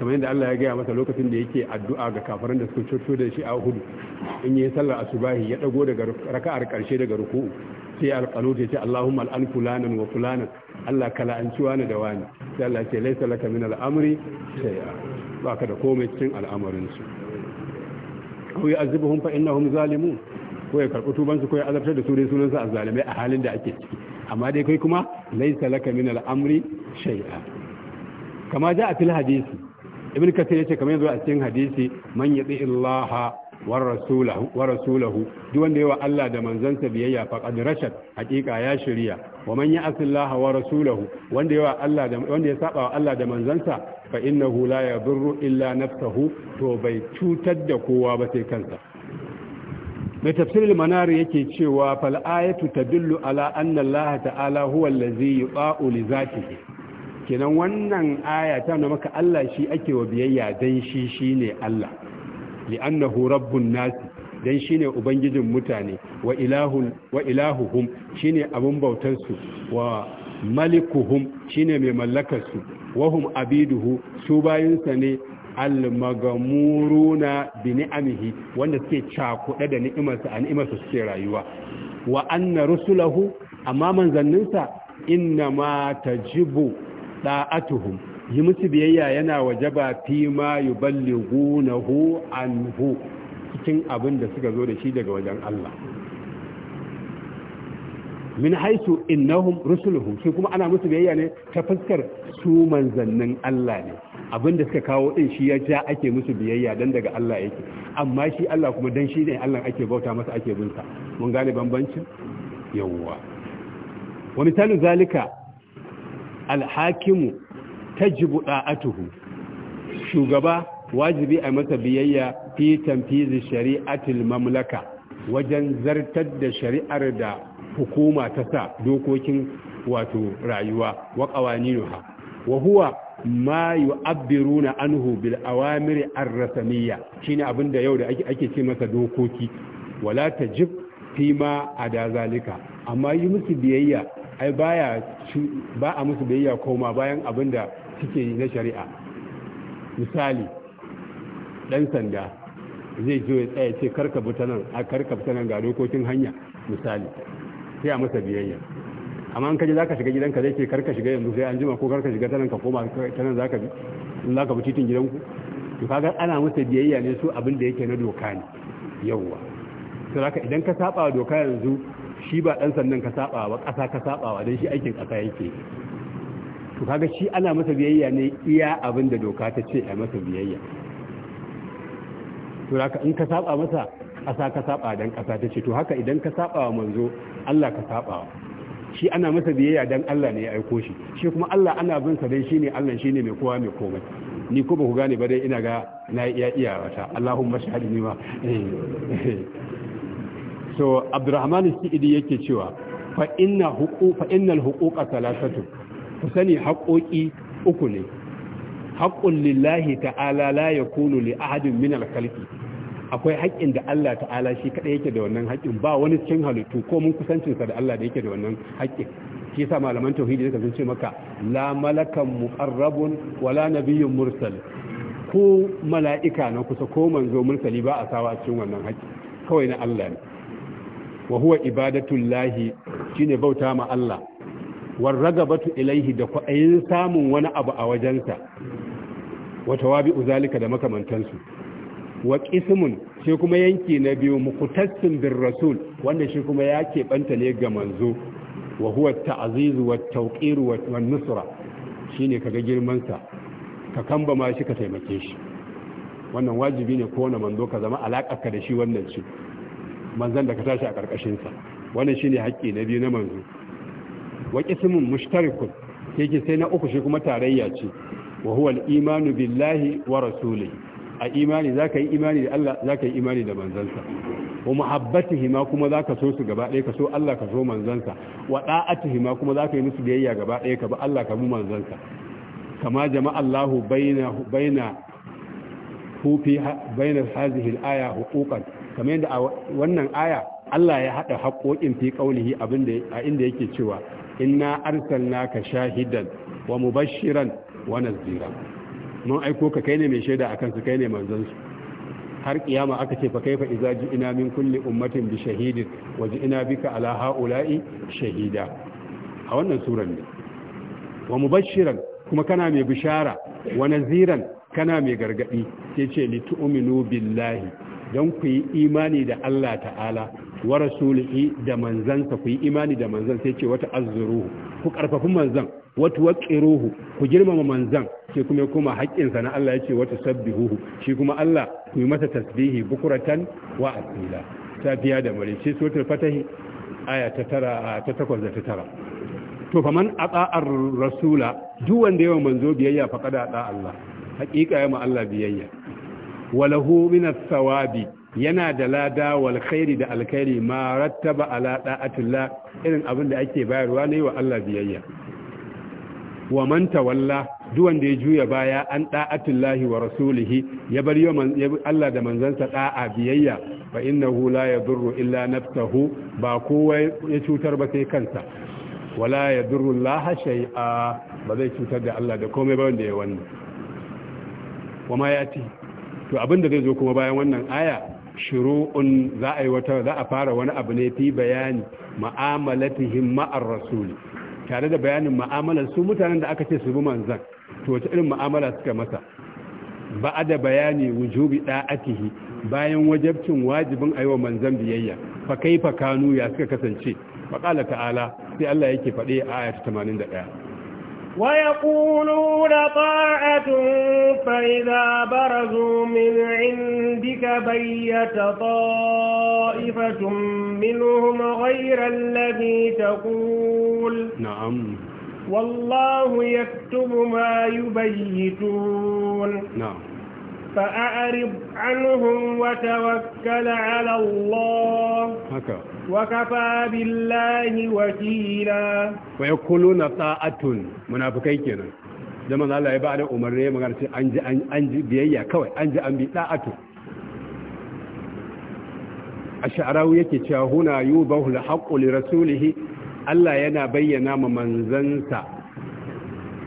kamar yadda Allah ya gaya masa lokacin da yake addu'a ga kafarin da suka cuto da shi a hudu in yi sallar asubahi ya dago daga raka'ar karshe daga ruku'u sai alqalut ya ce Allahumma al'an fulanan wa fulanan Allah kala an ciwa ne da wani sai Allah ce laisa laka min al'amri Ba ka da komai cikin al'amarin su ko ya azibuhum fa innahum zalimun ko ya karɓi tuban su ko ya azabtar da su dai sunan sa azzalimai a halin da ake ciki amma dai kai kuma laisa laka min al'amri shay'a kama ja a fil hadisi ibn kathir yace kamar yanzu a cikin hadisi man yati illaha wa rasulahu duk wanda yawa Allah da manzansa biyayya faqad rashad hakika ya shirya wa man ya'si Allah wa rasulahu wanda yawa Allah da wanda ya saba wa Allah da manzansa fa innahu la yadurru illa nafsuhu to bai cutar da kowa ba sai kansa mai tafsirul manar yake cewa fal ayatu tadullu ala anna Allah ta'ala huwa allazi yuta'u li zatihi kenan wannan aya ta nuna maka Allah shi ake wa biyayya dan shi shine Allah li'annahu rabbun nasi dan shine ubangijin mutane wa ilahun wa ilahuhum shine abun bautar su wa malikuhum shine mai mallakar su wahum abiduhu su bayinsa ne almagamuruna bi ni'amihi wanda suke cakuɗe da ni'imarsa a ni'imarsa suke rayuwa wa anna rusulahu amma manzanninsa inna ma tajibu da'atuhum yi musu biyayya yana wajaba fi ma an anhu cikin abin da suka zo da shi daga wajen Allah min haisu innahum rusuluhum shi kuma ana musu biyayya ne ta fuskar su manzannin Allah ne da suka kawo din shi ya ja ake musu biyayya dan daga Allah yake amma shi Allah kuma dan shi ne Allah ake bauta masa ake bin sa mun gane bambancin yawwa wa misalu zalika al tajibu da'atuhu shugaba wajibi a masa biyayya fi tamfizi shari'atil mamlaka wajen zartar da shari'ar da hukuma ta sa dokokin wato rayuwa wa qawaninuha wa huwa ma yu'abbiruna anhu bil awamiri ar-rasmiyya shine da yau da ake ce masa dokoki wala tajib fi ma ada zalika amma yi musu biyayya ai baya ba a musu biyayya koma bayan abinda suke yi na shari'a misali ɗan sanda zai zo ya tsaya ce karka ta nan a karka ta nan ga dokokin hanya misali sai a masa biyayya amma an kaje zaka shiga gidanka zai ce karka shiga yanzu sai an jima ko karka shiga tanan ka koma tanan zaka bi in zaka bi titin gidanku to kaga ana masa biyayya ne su abin da yake na doka ne yawwa to haka idan ka saba doka yanzu shi ba dan sandan ka saba ba kasa ka saba wa dan shi aikin kasa yake to kaga shi ana masa biyayya ne iya abin da doka ta ce a masa biyayya to haka in ka saba masa ƙasa ka saba dan ƙasa ta ce to haka idan ka saba wa manzo Allah ka saba wa shi ana masa biyayya dan Allah ne ya aiko shi shi kuma Allah ana bin sa dai shine Allah shine mai kowa mai komai ni ko ba ku gane ba dai ina ga na iya iya wata Allahumma ni ma so Abdurrahman al-Sidi yake cewa fa inna huquq fa innal huquqa thalathatu ku sani haƙoƙi uku ne haƙƙun lillahi ta'ala la kunu li ahadin min al-khalqi akwai haƙƙin da Allah ta'ala shi kaɗai yake da wannan haƙƙin ba wani cikin halittu ko mun kusancinsa da Allah da yake da wannan haƙƙin shi yasa malaman tauhidi suka zance maka la malakan muqarrabun wala nabiyyun mursal ko mala'ika na kusa ko manzo mursali ba a sawa a cikin wannan haƙƙi kawai na Allah ne wa huwa ibadatul shine bauta ma Allah war ragabatu ilaihi da kwa'ayin samun wani abu a wajensa wata wabi uzalika da makamantansu wa qismun shi kuma yanki na biyu muqtassim bir rasul wanda shi kuma ya keɓanta ne ga manzo wa huwa ta'ziz wa wa nusra shine kaga girman sa ka kamba ma shi ka taimake shi wannan wajibi ne ko wani manzo ka zama ka da shi wannan shi manzan da ka tashi a ƙarƙashinsa wannan shine haƙƙi na biyu na manzo wa qismun mushtarikun yake sai na uku shi kuma tarayya ce wa huwa al-imanu billahi wa rasulihi a imani zaka yi imani da Allah zaka yi imani da manzansa wa muhabbatihi ma kuma zaka so su gaba ɗaya ka so Allah ka so manzansa wa da'atihi ma kuma zaka yi musu biyayya gaba ɗaya ka ba Allah ka bi manzansa kama jama'a Allahu baina baina fi baina hadhihi al-aya huquqan kamar yadda a wannan aya Allah ya hada haƙoƙin fi kaulihi abinda a inda yake cewa inna arsalnaka shahidan wa mubashiran wa nazira mun aiko ka kai ne mai shaida akan su kai ne manzon su har kiyama aka ce fa kaifa idza ji'na min kulli ummatin bi shahidin wa ji'na bika ala haula'i shahida a wannan suran ne wa mubashiran kuma kana mai bishara wa naziran kana mai gargadi sai ce li tu'minu billahi don ku yi imani da Allah ta'ala wa rasulihi da manzansa ku yi imani da manzan sai ce wata azzuruhu ku karfafi manzan wata waqiruhu ku girmama manzan sai kuma kuma sa na Allah yace wata sabbihuhu shi kuma Allah ku yi masa tasbihi bukuratan wa asila safiya da mare sai suratul fatahi aya ta tara ta takwas da ta tara to faman ata'ar rasula duk wanda yawa manzo biyayya faqada da Allah haƙiƙa ya ma Allah biyayya walahu min as-sawabi yana da lada wal khairi da alkhairi ma rattaba ala da'atillah irin abin da ake bayarwa ne wa Allah biyayya wa man tawalla duk wanda ya juya baya an da'atillahi wa rasulihi ya bar Allah da manzansa da'a biyayya fa innahu la yadurru illa nafsahu ba kowa ya cutar ba sai kansa wala yadurru Allah shay'a ba zai cutar da Allah da komai ba wanda ya wannan wa ma yati to abin da zai zo kuma bayan wannan aya shuru'un za a yi wata za a fara wani abu ne fi bayani ma'amalatihim ma'ar rasuli tare da bayanin ma'amalar su mutanen da aka ce su bi manzan to wace irin ma'amala suka masa ba da bayani wujubi da'atihi bayan wajabcin wajibin aiwa manzan biyayya fa fa kanu ya suka kasance fa qala ta'ala sai Allah yake faɗe a ayat 81 ويقولون طاعة فإذا برزوا من عندك بيت طائفة منهم غير الذي تقول نعم والله يكتب ما يبيتون نعم فأعرض عنهم وتوكل على الله وكفى بالله وكيلا ويقولون طاعة منافقين لما الله يبعد أمره مغارسة أنجي أنجي أنجي بيئي كوي أنجي أنبي طاعة الشعراوية تشاهونا يوبه لحق لرسوله ألا ينا بينا ممن زنسا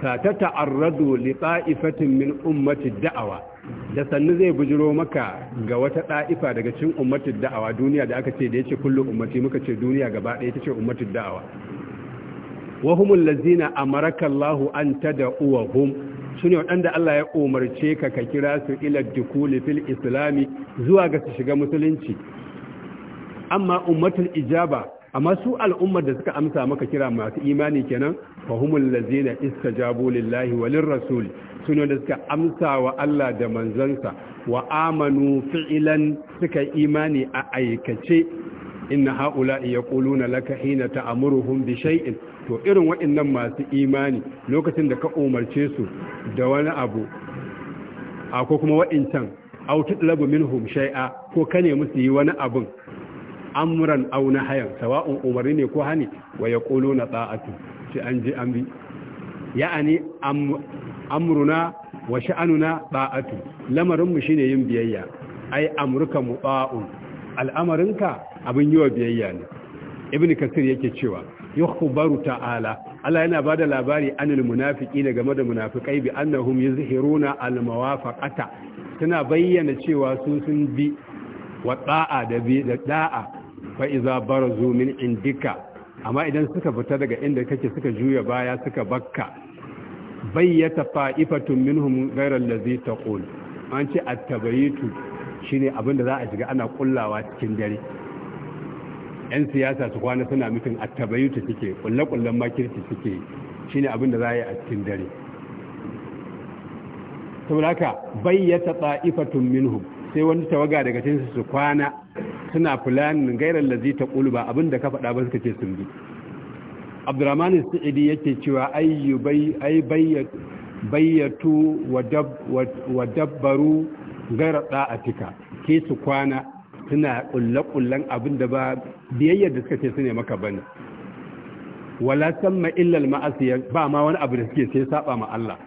فتتعرضوا لطائفة من أمة الدعوة da sannu zai bujiro maka ga wata ɗa'ifa daga cikin ummatin da'awa duniya da aka ce da ya ce kullum ummati muka ce duniya gaba ɗaya tace ummatin da'awa wa humul ladzina amaraka Allahu an su sune waɗanda Allah ya umarce ka ka kira su ila dukuli fil islami zuwa ga su shiga musulunci amma ummatul ijaba amma su al'ummar da suka amsa maka kira masu imani kenan fahumul lazina istajabu lillahi walir rasul sune da suka amsa wa Allah da manzansa wa amanu fi'lan suka imani a aikace inna haula yaquluna laka hina ta'muruhum bi shay'in to irin waɗannan masu imani lokacin da ka umarce su da wani abu a ko kuma waɗancan autu labu minhum shay'a ko ka nemi musu yi wani abun amran aw hayan, sawa'un umarni ne ko hani wa yaquluna ta'atu shi an ji amri ya'ani amruna wa sha'anuna ta'atu lamarin mu shine yin biyayya ai mu muta'un al'amarinka abin yiwa biyayya ne ibn kasir yake cewa yukhbaru ta'ala Allah yana bada labari anil ne game da munafikai bi annahum yuzhiruna al mawafaqata tana bayyana cewa su sun bi wa da bi da da'a fa iza barazu min indika amma idan suka fita daga inda kake suka juya baya suka bakka bayyata fa'ifatun minhum ghayra allazi taqul an ce at-tabayitu shine abin da za a shiga ana kullawa cikin dare yan siyasa su kwana suna mutum a tabayitu suke ƙulle-ƙullen makirci suke ne abin da za a yi a cikin dare saboda haka bayyata fa'ifatun minhum sai wani tawaga daga cikin su kwana suna fulanin gairar lazi ta ƙulu ba abinda ka faɗa ba suka ce sun bi abdurrahman sa'idi yake cewa bai bayyatu wa dabbaru gairar ɗa'atika ke su kwana suna ƙulle-ƙullen abinda ba biyayyar da suka ce su ne maka ba ne. wala samma illal ma'asiyar ba ma wani abu da suke sai saba ma Allah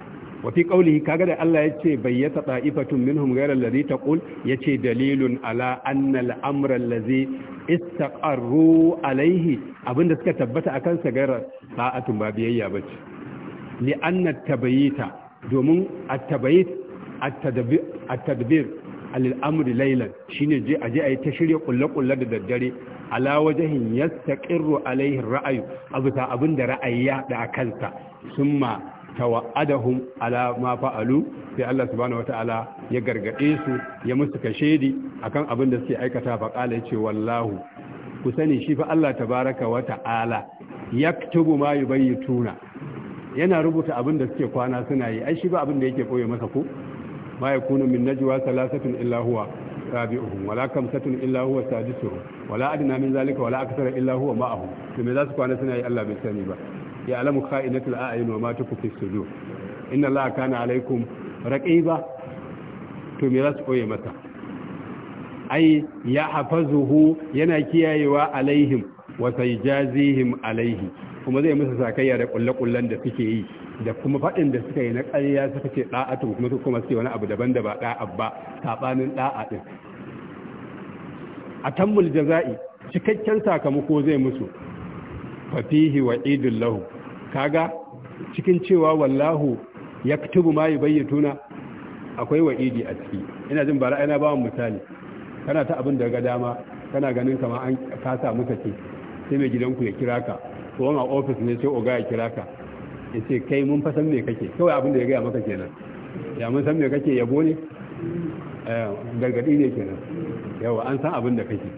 wa fi qawlihi kaga da Allah yace bayyata ta'ifatun minhum ghayra allazi taqul yace dalilun ala anna al-amra istaqarru alayhi abinda suka tabbata akan sa ghayra ta'atun ba biyayya bace li anna tabayita domin at-tabayit at-tadbir al-amri laylan shine je a yi ta shirya shirye kullakullar da daddare ala wajahin yastaqirru alayhi ra'ayu abuta abinda ra'ayi ya da kansa summa tawaadahum ala ma fa'alu sai Allah subhanahu wataala ya gargade su ya musu kashedi akan abin da suke aikata fa kala yace wallahu ku sani shi fa Allah tabaraka wataala yaktubu ma yubayituna yana rubuta abin da suke kwana suna yi ai shi ba abin da yake koye masa ko ma yakunu min najwa salasatun illa huwa rabi'uhum wala kamsatun illa huwa sadisuhum wala adna min zalika wala aktsara illa huwa ma'ahum to me za su kwana suna yi Allah bai sani ba ya alamu kha'inatul a'yun wa ma tukufu sudur inna allaha kana alaikum raqiba to me za koye mata ai ya hafazuhu yana kiyayewa alaihim wa sayjazihim alaihi kuma zai musu sakayya da kullakullan da suke yi da kuma faɗin da suka yi na ƙarya suka ce da'atu kuma su kuma suke wani abu daban da ba ɗa'a ba tabanin ɗa'a din. a tammul jaza'i cikakken sakamako zai musu fa fihi idin lahu kaga cikin cewa wallahu ya tubu ma tuna akwai idi a ciki ina jin bara ina bawan mu misali kana ta abin daga dama kana ganin kama an kasa muka ce sai mai gidanku ya kira ka ko wani ofis ne sai oga ya kira ka ya ce kai mun fasan me kake kawai abin da ya gaya maka kenan ya mun san me kake yabo ne eh, gargadi ne kenan yawa an san abin da kake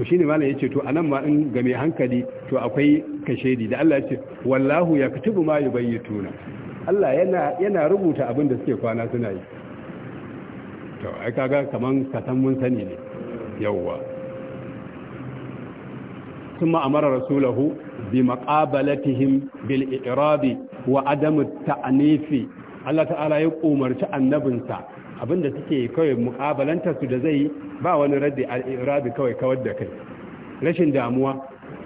to shine malam yace to anan ma in ga mai hankali to akwai kashedi da Allah yace wallahu yaktubu ma yubayituna Allah yana yana rubuta abin da suke kwana suna yi to ai kaga kaman ka san mun sani ne yawwa ثم bil رسوله wa بالإعراب وعدم التعنيف Allah ta'ala ya umarci annabinsa abinda suke kawai mukabalanta su da zai ba wani raddi al-irabi kawai kawar da kai rashin damuwa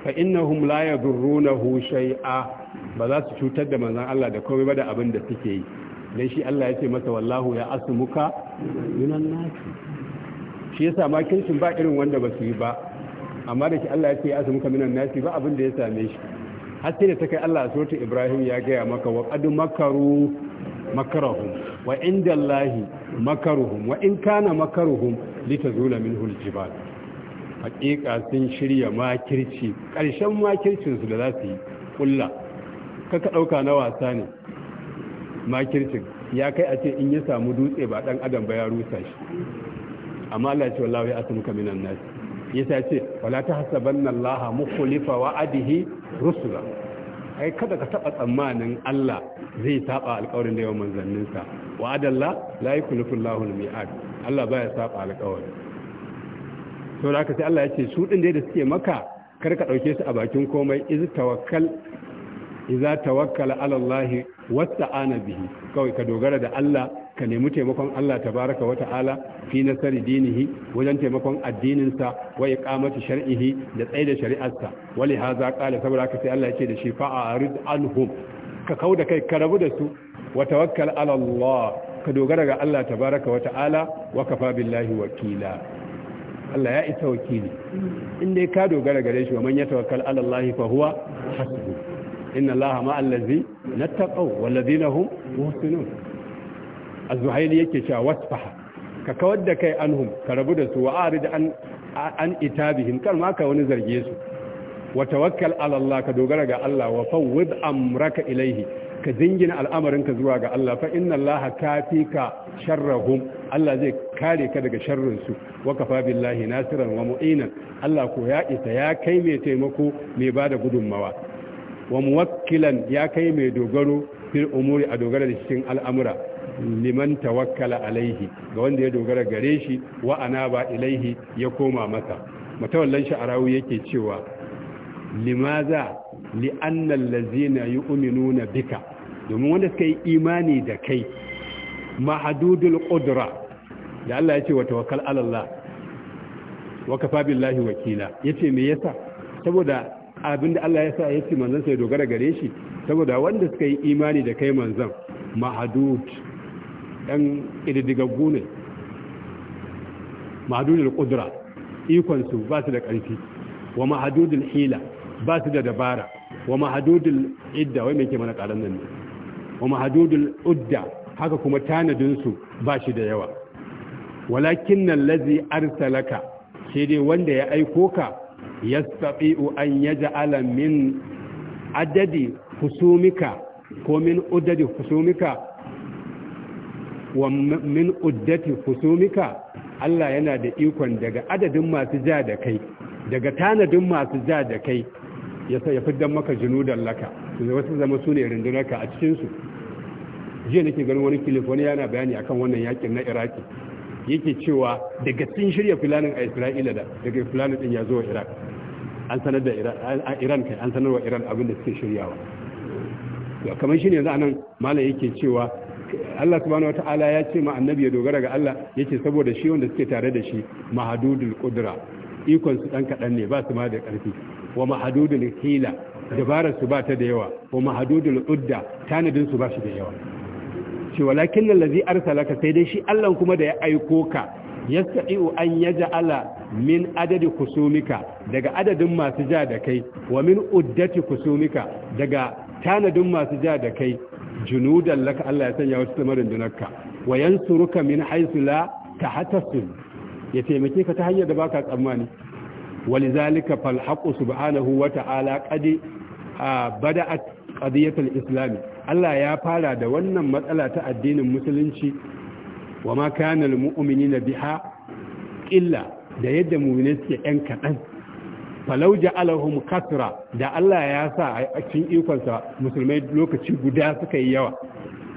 fa innahum la yadurrunahu shay'a ba za su cutar da manzon Allah da komai ba da abin da suke yi dan shi Allah ya ce masa wallahu ya asmuka minan nas shi yasa ma kirshin ba irin wanda ba su yi ba amma da shi Allah ya ce ya asmuka minan nas ba abin da ya same shi har sai da ta kai Allah a suratul Ibrahim ya gaya maka wa qad makaru makarahum wa inda Allahi makaruhum wa in kana makaruhum zula min huljibar haƙiƙa sun shirya makirci ƙarshen makircin da za su yi kulla kaka ɗauka na wasa ne makircin ya kai a ce in ya samu dutse ba ɗan adam ba ya rusa shi amma Allah ce wallahi ya asmuka kaminan nasi yasa ce wala ta laha Allah mukhlifa wa'adihi rusula ai kada ka taba tsammanin Allah zai saba alƙawarin da yawan manzanninsa adalla la yukhlifu Allahu al-mi'ad Allah baya saba alƙawari to da sai Allah ya ce su din da suke maka kar ka dauke su a bakin komai iz tawakkal iza tawakkala ala Allah wasta'ana bihi kawai ka dogara da Allah ka nemi taimakon Allah ta baraka wa ta'ala fi nasari dinihi wajen taimakon addininsa wa iqamati shar'ihi da tsaida shari'arsa wali haza qala saboda ka sai Allah ya ce da shi fa'a arid anhum ka da kai ka rabu da su wa tawakkal ala Allah ka dogara ga Allah ta baraka wa ta'ala wa kafa billahi wakila Allah ya isa wakili in dai ka dogara gare shi wa man yatawakkal ala Allah fa huwa hasbuh inna Allah ma'al ladzi nattaqaw wal ladzina hum muhsinun az-zuhaili yake cewa wasfaha ka kawar da kai anhum ka rabu da su wa arid an an itabihim kar ma ka wani zarge su wa tawakkal ala Allah ka dogara ga Allah wa fawwid amraka ilaihi ka jingina al'amarinka zuwa ga Allah fa inna Allah kafika sharrahum Allah zai kare ka daga sharrin su wa kafa billahi nasiran wa mu'ina Allah ko ya isa ya kai mai taimako mai bada gudunmawa wa muwakkilan ya kai mai dogaro fil umuri a dogara da cikin al'amura liman tawakkala alaihi ga wanda ya dogara gare shi wa anaba ilaihi ya koma masa mutawallan sha'arawi yake cewa limaza li'annal lazina yu'minuna bika domin wanda suka yi imani da kai mahdudul qudra da Allah ya ce wa tawakkal ala Allah wa kafa billahi wakila yace me yasa saboda abinda Allah ya sa yace manzon sai dogara gare shi saboda wanda suka yi imani da kai manzon mahadud ɗan ƙididdigaggu ne mahadudin ƙudura ikonsu ba su da ƙarfi wa mahadudin hila ba su da dabara wa mahadudin idda wai mai ke mana ƙaran nan ne wa mahadudin udda haka kuma tanadinsu ba shi da yawa walakin nan lazi arsalaka ce dai wanda ya aiko ka ya an ya ja'ala min adadi husumika ko min udadi husumika wa min uddati husumika Allah yana da ikon daga adadin masu ja da kai daga tanadin masu ja da kai ya sa ya fiddan maka junudan laka wasu zama su ne rundunarka a cikinsu jiya nake ganin wani kilif wani yana bayani akan wannan yakin na iraki yake cewa daga sun shirya filanin a isra'ila da daga filanin din ya zo iraq an sanar da iran kai an sanarwa iran abin da suke shiryawa kamar shi ne yanzu anan malam yake cewa Allah subhanahu wataala ya ce ma annabi ya dogara ga Allah yake saboda shi wanda suke tare da shi mahadudul qudra ikon su dan kadan ne ba su ma da karfi wa mahadudul hila dabarar su ba ta da yawa wa mahadudul udda tanadin su ba shi da yawa shi walakin allazi arsalaka sai dai shi Allah kuma da ya aiko ka yasta'u an yaj'ala min adadi kusumika daga adadin masu ja da kai wa min uddati kusumika daga tanadin masu ja da kai junudan laka Allah ya sanya wasu samarin dunarka wa yansuruka min haythu la tahtasin ya taimake ka ta hanyar da baka tsammani walizalika fal haqqu subhanahu wa ta'ala a bada'at qadiyat islami islam Allah ya fara da wannan matsala ta addinin musulunci wa ma kana muminina biha illa da yadda mu'mini suke yan kaɗan. falau ja'alahum kasra da Allah ya sa a cikin ikonsa musulmai lokaci guda suka yi yawa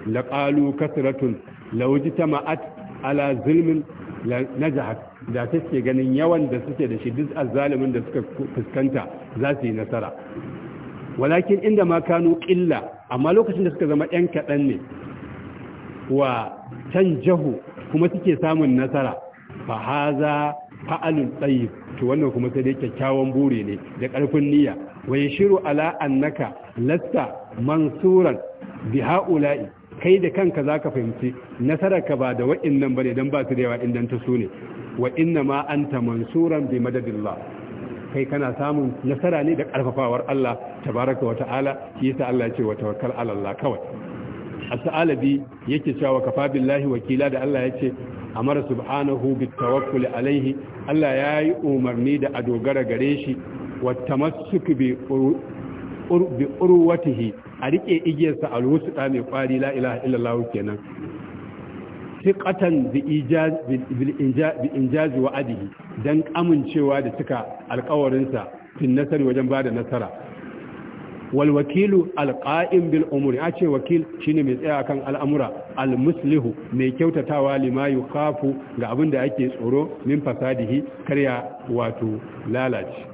laqalu kasratun law jitama'at ala zulmin najahat da take ganin yawan da suke da shi duk azzalimin da suka fuskanta za su yi nasara walakin inda ma kanu qilla amma lokacin da suka zama ɗan kaɗan ne wa can jahu kuma suke samun nasara fa haza fa'alun tsaye to wannan kuma sai dai kyakkyawan buri ne da ƙarfin niyya wai shiru ala annaka lasta mansuran bi ha'ula'i kai da kanka zaka fahimci nasararka ba da wa'annan bane dan ba su da yawa indan ta su ne wa inna ma anta mansuran bi madadillah kai kana samun nasara ne da ƙarfafawar Allah tabaraka wa ta'ala shi yasa Allah ya ce wa tawakkal ala Allah kawai as-alabi yake cewa kafa billahi wakila da Allah a amara subhanahu tawakkul alaihi Allah ya yi umarni da a dogara gare shi wattamassuku bi bi urwatihi a rike igiyarsa a da mai kwari la ilaha illallah kenan siqatan bi ijaz bi injaz wa'adihi dan amincewa da cika alƙawarinsa tin nasari wajen bada nasara wal wakilu alqa'im bil umuri a ce wakil shine mai tsaya kan al'amura al muslihu mai kyautatawa limayu kafu ga abin da ake tsoro min fasadihi karya wato lalace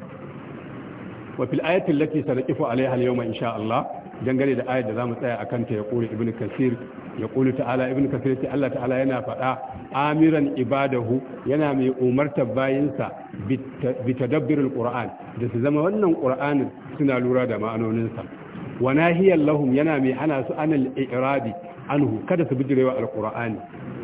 wa fil ayati allati sanaqifu alaiha al yawma insha Allah dangane da ayar da zamu tsaya a kanta ya kula Ibn kasir ya kula ta'ala Ibn kasir ce Allah ta'ala yana faɗa amiran ibadahu yana mai umartar bayinsa bi tadabbirul qur'an da su zama wannan qur'anin suna lura da ma'anoninsa wa nahiyan lahum yana mai hana su anil i'rabi anhu kada su bijirewa alqur'ani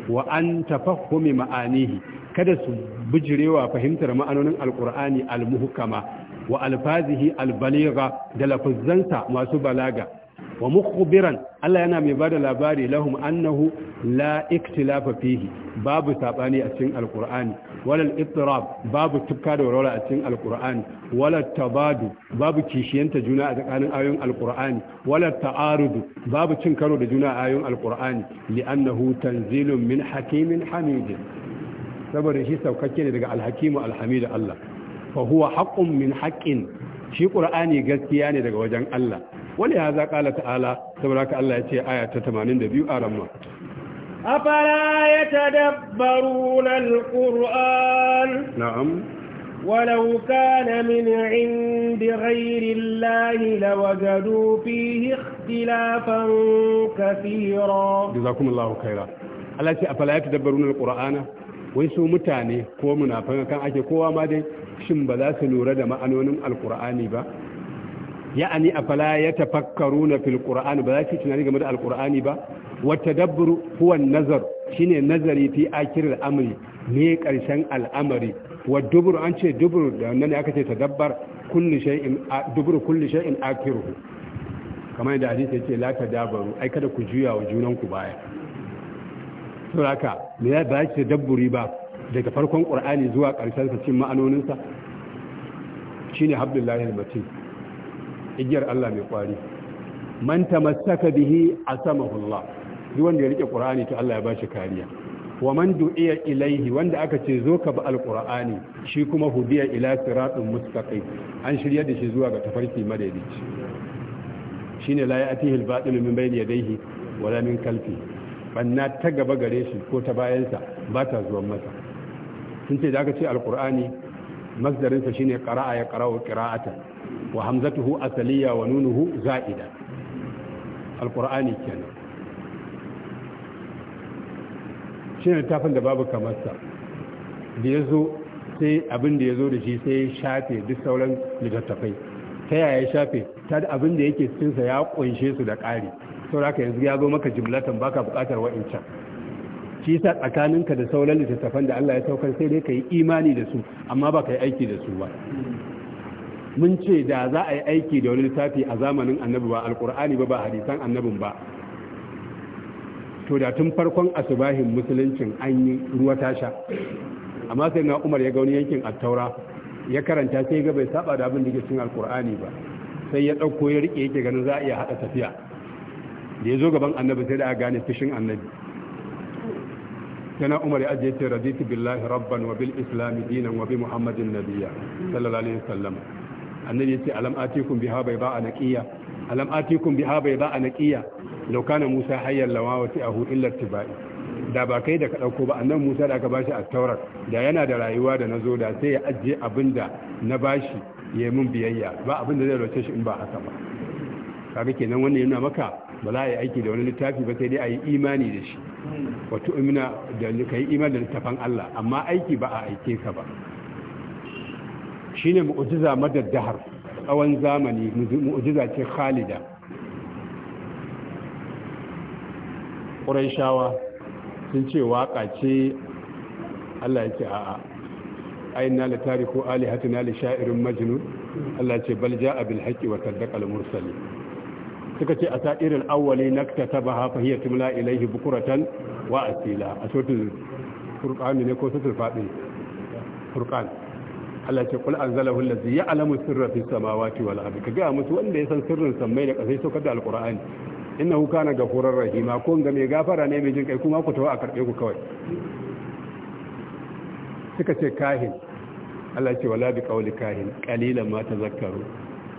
wa an tafahumi ma'anihi kada su bijirewa fahimtar ma'anonin alqur'ani almuhkama wa alfazihi albaliga da lafazzansa masu balaga wa mukhbiran Allah yana mai bada labari lahum annahu la iktilafa fihi babu sabani a cikin alqur'ani wala al-ittirab babu tukka da warwara a cikin alqur'ani wala tabadu babu kishiyanta juna a tsakanin ayoyin alqur'ani wala ta'arudu babu cin karo da juna a ayoyin alqur'ani annahu tanzilun min hakimin hamid saboda shi saukakke ne daga alhakimu alhamidu Allah fa huwa haqqun min haqqin shi qur'ani gaskiya ne daga wajen Allah wani ya za kala ta'ala saboda ka Allah ya ce aya ta 82 a ramma afala yatadabbaruna alquran na'am ولو كان من عند غير الله لوجدوا فيه اختلافا كثيرا جزاكم الله خيرا التي أفلا يتدبرون القرآن wai su mutane ko munafan kan ake kowa ma dai shin ba za su lura da ma'anonin alkur'ani ba ya'ani afala ya tafakkaru na fil qur'ani ba za su tunani game da alkur'ani ba wa tadabburu huwa nazar shine nazari fi akhir al-amri ne karshen al'amari wa dubur an ce dubur da wannan ne aka ce tadabbar kulli shay'in dubur kulli shay'in akhiruhu kamar da hadisi yake la tadabaru ai kada ku juya wa junanku baya sauraka me ya dace ki dabburi ba daga farkon qur'ani zuwa ƙarshen sa cin ma'anonin sa shine al-matin igiyar Allah mai kwari man tamassaka bihi asamahu Allah duk wanda ya rike qur'ani to Allah ya bashi kariya wa man du'iya ilaihi wanda aka ce zo ka bi alƙur'ani, shi kuma hudiya ila siratin mustaqim an shirya da shi zuwa ga tafarki madaidaici shine la ya'tihi al-batil min bayni yadayhi wala min kalfi. banna ta gaba gare shi ko ta bayansa ba ta zuwan masa sun ce da aka ce alkur'ani masdarinsa shine qara'a ya qara'u qira'atan wa hamzatuhu asaliya wa nunuhu za'ida alkur'ani kenan shine tafin da babu kamar sa da yazo sai abin da yazo da shi sai ya shafe duk sauran littattafai ta yaya ya shafe ta abin da yake cikin sa ya kunshe su da ƙari sauraka yanzu ya zo maka jimlatan baka bukatar wa'incan shi yasa tsakaninka da sauran littattafan da Allah ya saukar sai dai ka yi imani da su amma ba ka yi aiki da su ba mun ce da za a yi aiki da wani littafi a zamanin annabi ba alkur'ani ba ba hadisan annabin ba to da tun farkon asubahin musuluncin an yi ruwa tasha amma sai na umar ya ga wani yankin attaura ya karanta sai ga bai saba da abin da ke cikin alkur'ani ba sai ya ɗauko ya rike yake ganin za a iya haɗa tafiya da ya zo gaban annabi sai da a gane fishin annabi sana umar ya ajiye ce raditu billahi rabban wa bil islami dinan wa bi muhammadin Nabiya sallallahu alaihi wasallam annabi yace alam atikum biha bai ba anaqiya alam atikum biha bai ba anaqiya law kana musa hayyan wa ahu illa tibai da ba kai da ka dauko ba annabi musa da aka bashi a taurat da yana da rayuwa da nazo da sai ya ajiye abinda na bashi ya min biyayya ba abinda zai roce shi in ba haka ba kaga kenan wannan yana maka ba za a yi aiki da wani littafi ba sai dai a yi imani da shi wato imina da ka yi imani da littafan Allah amma aiki ba a aike ka ba Shi ne mu'ujiza madaddahar tsawon zamani mu'ujiza ce khalida shawa sun ce waƙa ce Allah ya ce a'a aina ko tariku alihatina li sha'irin majinu. Allah ya ce bal ja'a bil haqqi wa saddaqa al suka ce a sa'irin awali na ta taba hafa hiyar tumla ilaihi bukuratan wa asila a sotun furkani ne ko sotun faɗin furkan Allah ce kula an zala lazi ya alamu sirra fi samawati wa ardi ka gaya musu wanda ya san sirrin samai da kasai sokar da alqur'ani innahu kana gafurar rahima ko ga mai gafara ne mai jin kai kuma ku tawa a karɓe ku kawai suka ce kahin Allah ce wala bi qawli kahin qalilan ma tazakkaru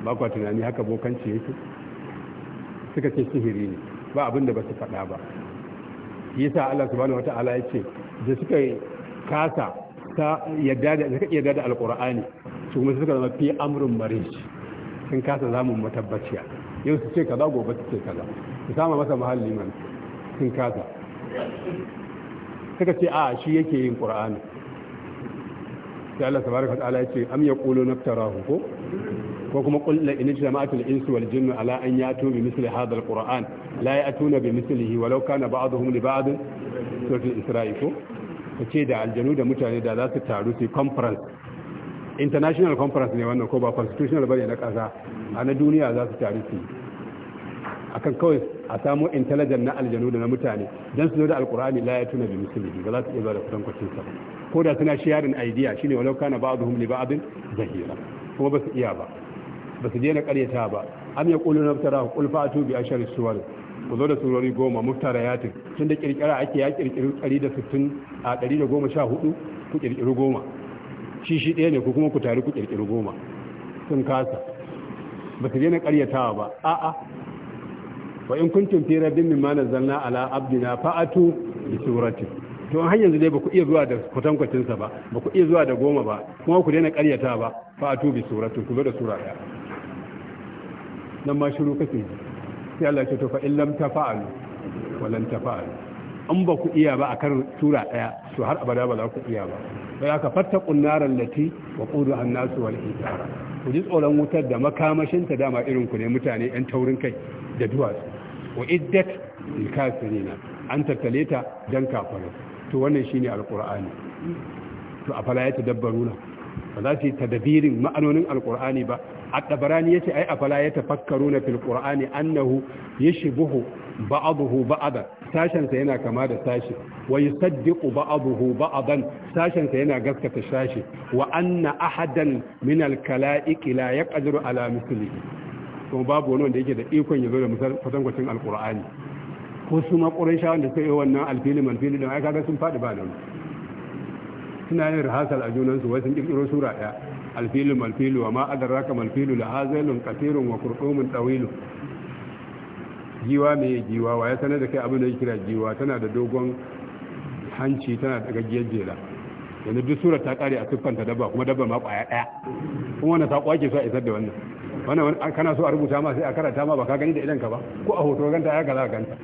ba kwa tunani haka bokanci yake suka ce sihiri ne ba abin da ba su faɗa ba yasa Allah subhanahu wata'ala ya ce da suka kasa ta yadda da suka yadda da alqur'ani su kuma suka zama fi amrun marij sun kasa zamun matabbaciya yau su ce kaza gobe su ce kaza su sama masa mahalli man sun kasa suka ce a shi yake yin qur'ani sai Allah subhanahu wata'ala ya ce am yaqulu naftarahu ko ko kuma kullu in jama'atul insu wal jinnu ala an yatu bi misli hadha al qur'an la ya'tuna bi mislihi walau kana ba'dhum li ba'd suratul isra'i ko ce da aljanu da mutane da za su taru su conference international conference ne wannan ko ba constitutional bane na kasa a na duniya za su taru su akan kawai a samu intelligent na aljanu da na mutane don su zo da alkurani la ya tuna bi mislihi ba za su iya da kusan kwacin sa ko da suna sharing idea shine walau kana ba'dhum li ba'd zahira kuma ba su iya ba ba su daina karyata ba am ya kulu na tara kul fa bi ashar suwar ku zo da surori goma muftarayatin tun da kirkira ake ya kirkiri 160 a 114 ku kirkiri goma shi shi ɗaya ne ku kuma ku tare ku kirkiri goma sun kasa ba su daina karyatawa ba a'a wa in kuntum fi rabbin mimma nazzalna ala abdina fa'atu bi surati to har yanzu dai ku iya zuwa da kwatankwacinsa ba, ba ku iya zuwa da goma ba kuma ku daina karyata ba fa'atu bi suratun ku zo da sura nan ma shiru kake sai Allah ce to fa in lam tafa'alu walan tafa'alu an ba ku iya ba akan tura daya to har abada ba za ku iya ba sai aka fattaqun naral lati wa quduha an-nas wal hijara ku ji tsoron wutar da makamashin ta dama irin ku ne mutane yan taurin kai da duwatsu wa iddat lil kafirina an tattale ta dan kafirai to wannan shine alqur'ani to afala ya tadabbaruna ba za su yi tadabirin ma'anonin alkur'ani ba at-tabarani yace ai afala yatafakkaruna fil qur'ani annahu ya ba'dahu ba'aduhu sashen sashensa yana kama da sashi wa yusaddiqu ba'dahu ba'dan sashen sa yana gaskata sashi wa anna ahadan min al-kala'iq la yaqdiru ala mislihi to babu wani wanda yake da ikon ya zo da misal fatankwacin al-qur'ani ko su ma qurayshawan da suka yi wannan alfilin alfilin da ai kaga sun faɗi ba da suna yin rahasal a junansu wai sun kirkiro sura ɗaya alfilu malfilu wa ma adraka malfilu la hazalun katirun wa qurqumun tawilu giwa me giwa wa ya sanar da kai abin da yake kira giwa tana da dogon hanci tana da gaggiyar jela yanzu duk sura ta kare a siffanta dabba kuma dabba ma kwaya daya Kun wannan sako ake so a isar da wannan wannan kana so a rubuta ma sai a karanta ma ba ka gani da idan ka ba ko a hoto ganta ya gaza ganta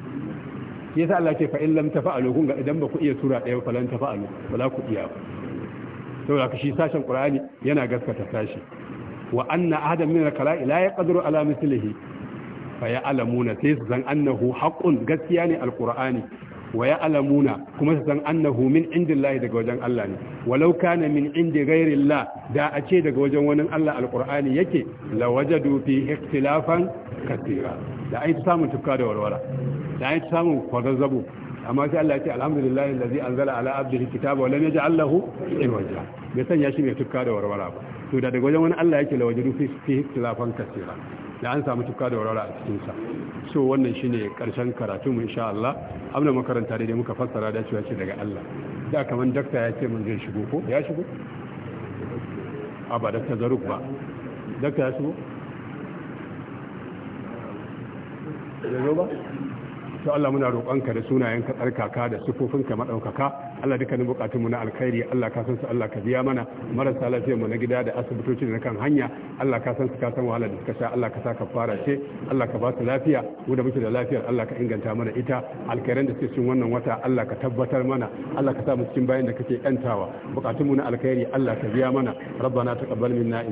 yasa Allah ke fa in lam tafa'alu kun ga idan ba ku iya sura daya fa lan tafa'alu ba za ku iya ba saboda ka shi sashen qur'ani yana gaskata sashi wa anna ahadan min al-kala'i la yaqdiru ala mithlihi fa ya'lamuna sai su san annahu haqqun gaskiya ne al-qur'ani wa ya'lamuna kuma su san annahu min indillahi daga wajen Allah ne walau kana min indi ghairillah da a ce daga wajen wani Allah alqur'ani yake la wajadu fi ikhtilafan katira da ai samu tufka da warwara da ai samu kwadazzabo amma sai Allah ya ce alhamdulillahi allazi anzala ala abdihi kitaba wa lam yaj'al lahu iwaja bai sanya shi mai tukka da warwara ba to da daga wajen wani Allah yake lawajiru fi fi ikhtilafan kasira da an samu tukka da warwara a cikin sa so wannan shine karshen karatu mu insha Allah abin makaranta dai muka fassara da cewa ce daga Allah da kaman dakta ya ce mun zai shigo ko ya shigo a ba da zaruk ba dakta ya shigo Ya zo ba to Allah muna roƙonka da sunayen sunayenka tsarkaka da sufofinka maɗaukaka Allah dukkanin bukatunmu na alkhairi Allah ka san su Allah ka biya mana marasa lafiyar mu na gida da asibitoci da kan hanya Allah ka san su ka san wahala da suka sha Allah ka ka fara ce Allah ka ba su lafiya mu da muke da lafiyar Allah ka inganta mana ita alkhairan da suke cikin wannan wata Allah ka tabbatar mana Allah ka sa mu cikin bayan da kake yantawa bukatunmu na alkhairi Allah ka biya mana ربنا تقبل منا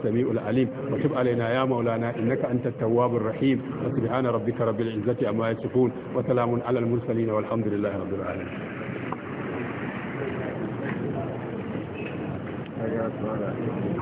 sami'ul alim السميع العليم وتب ya maulana مولانا إنك أنت rahim الرحيم وسبحان ربك رب amma أما يصفون وسلام alal المرسلين والحمد لله رب العالمين 大家有的。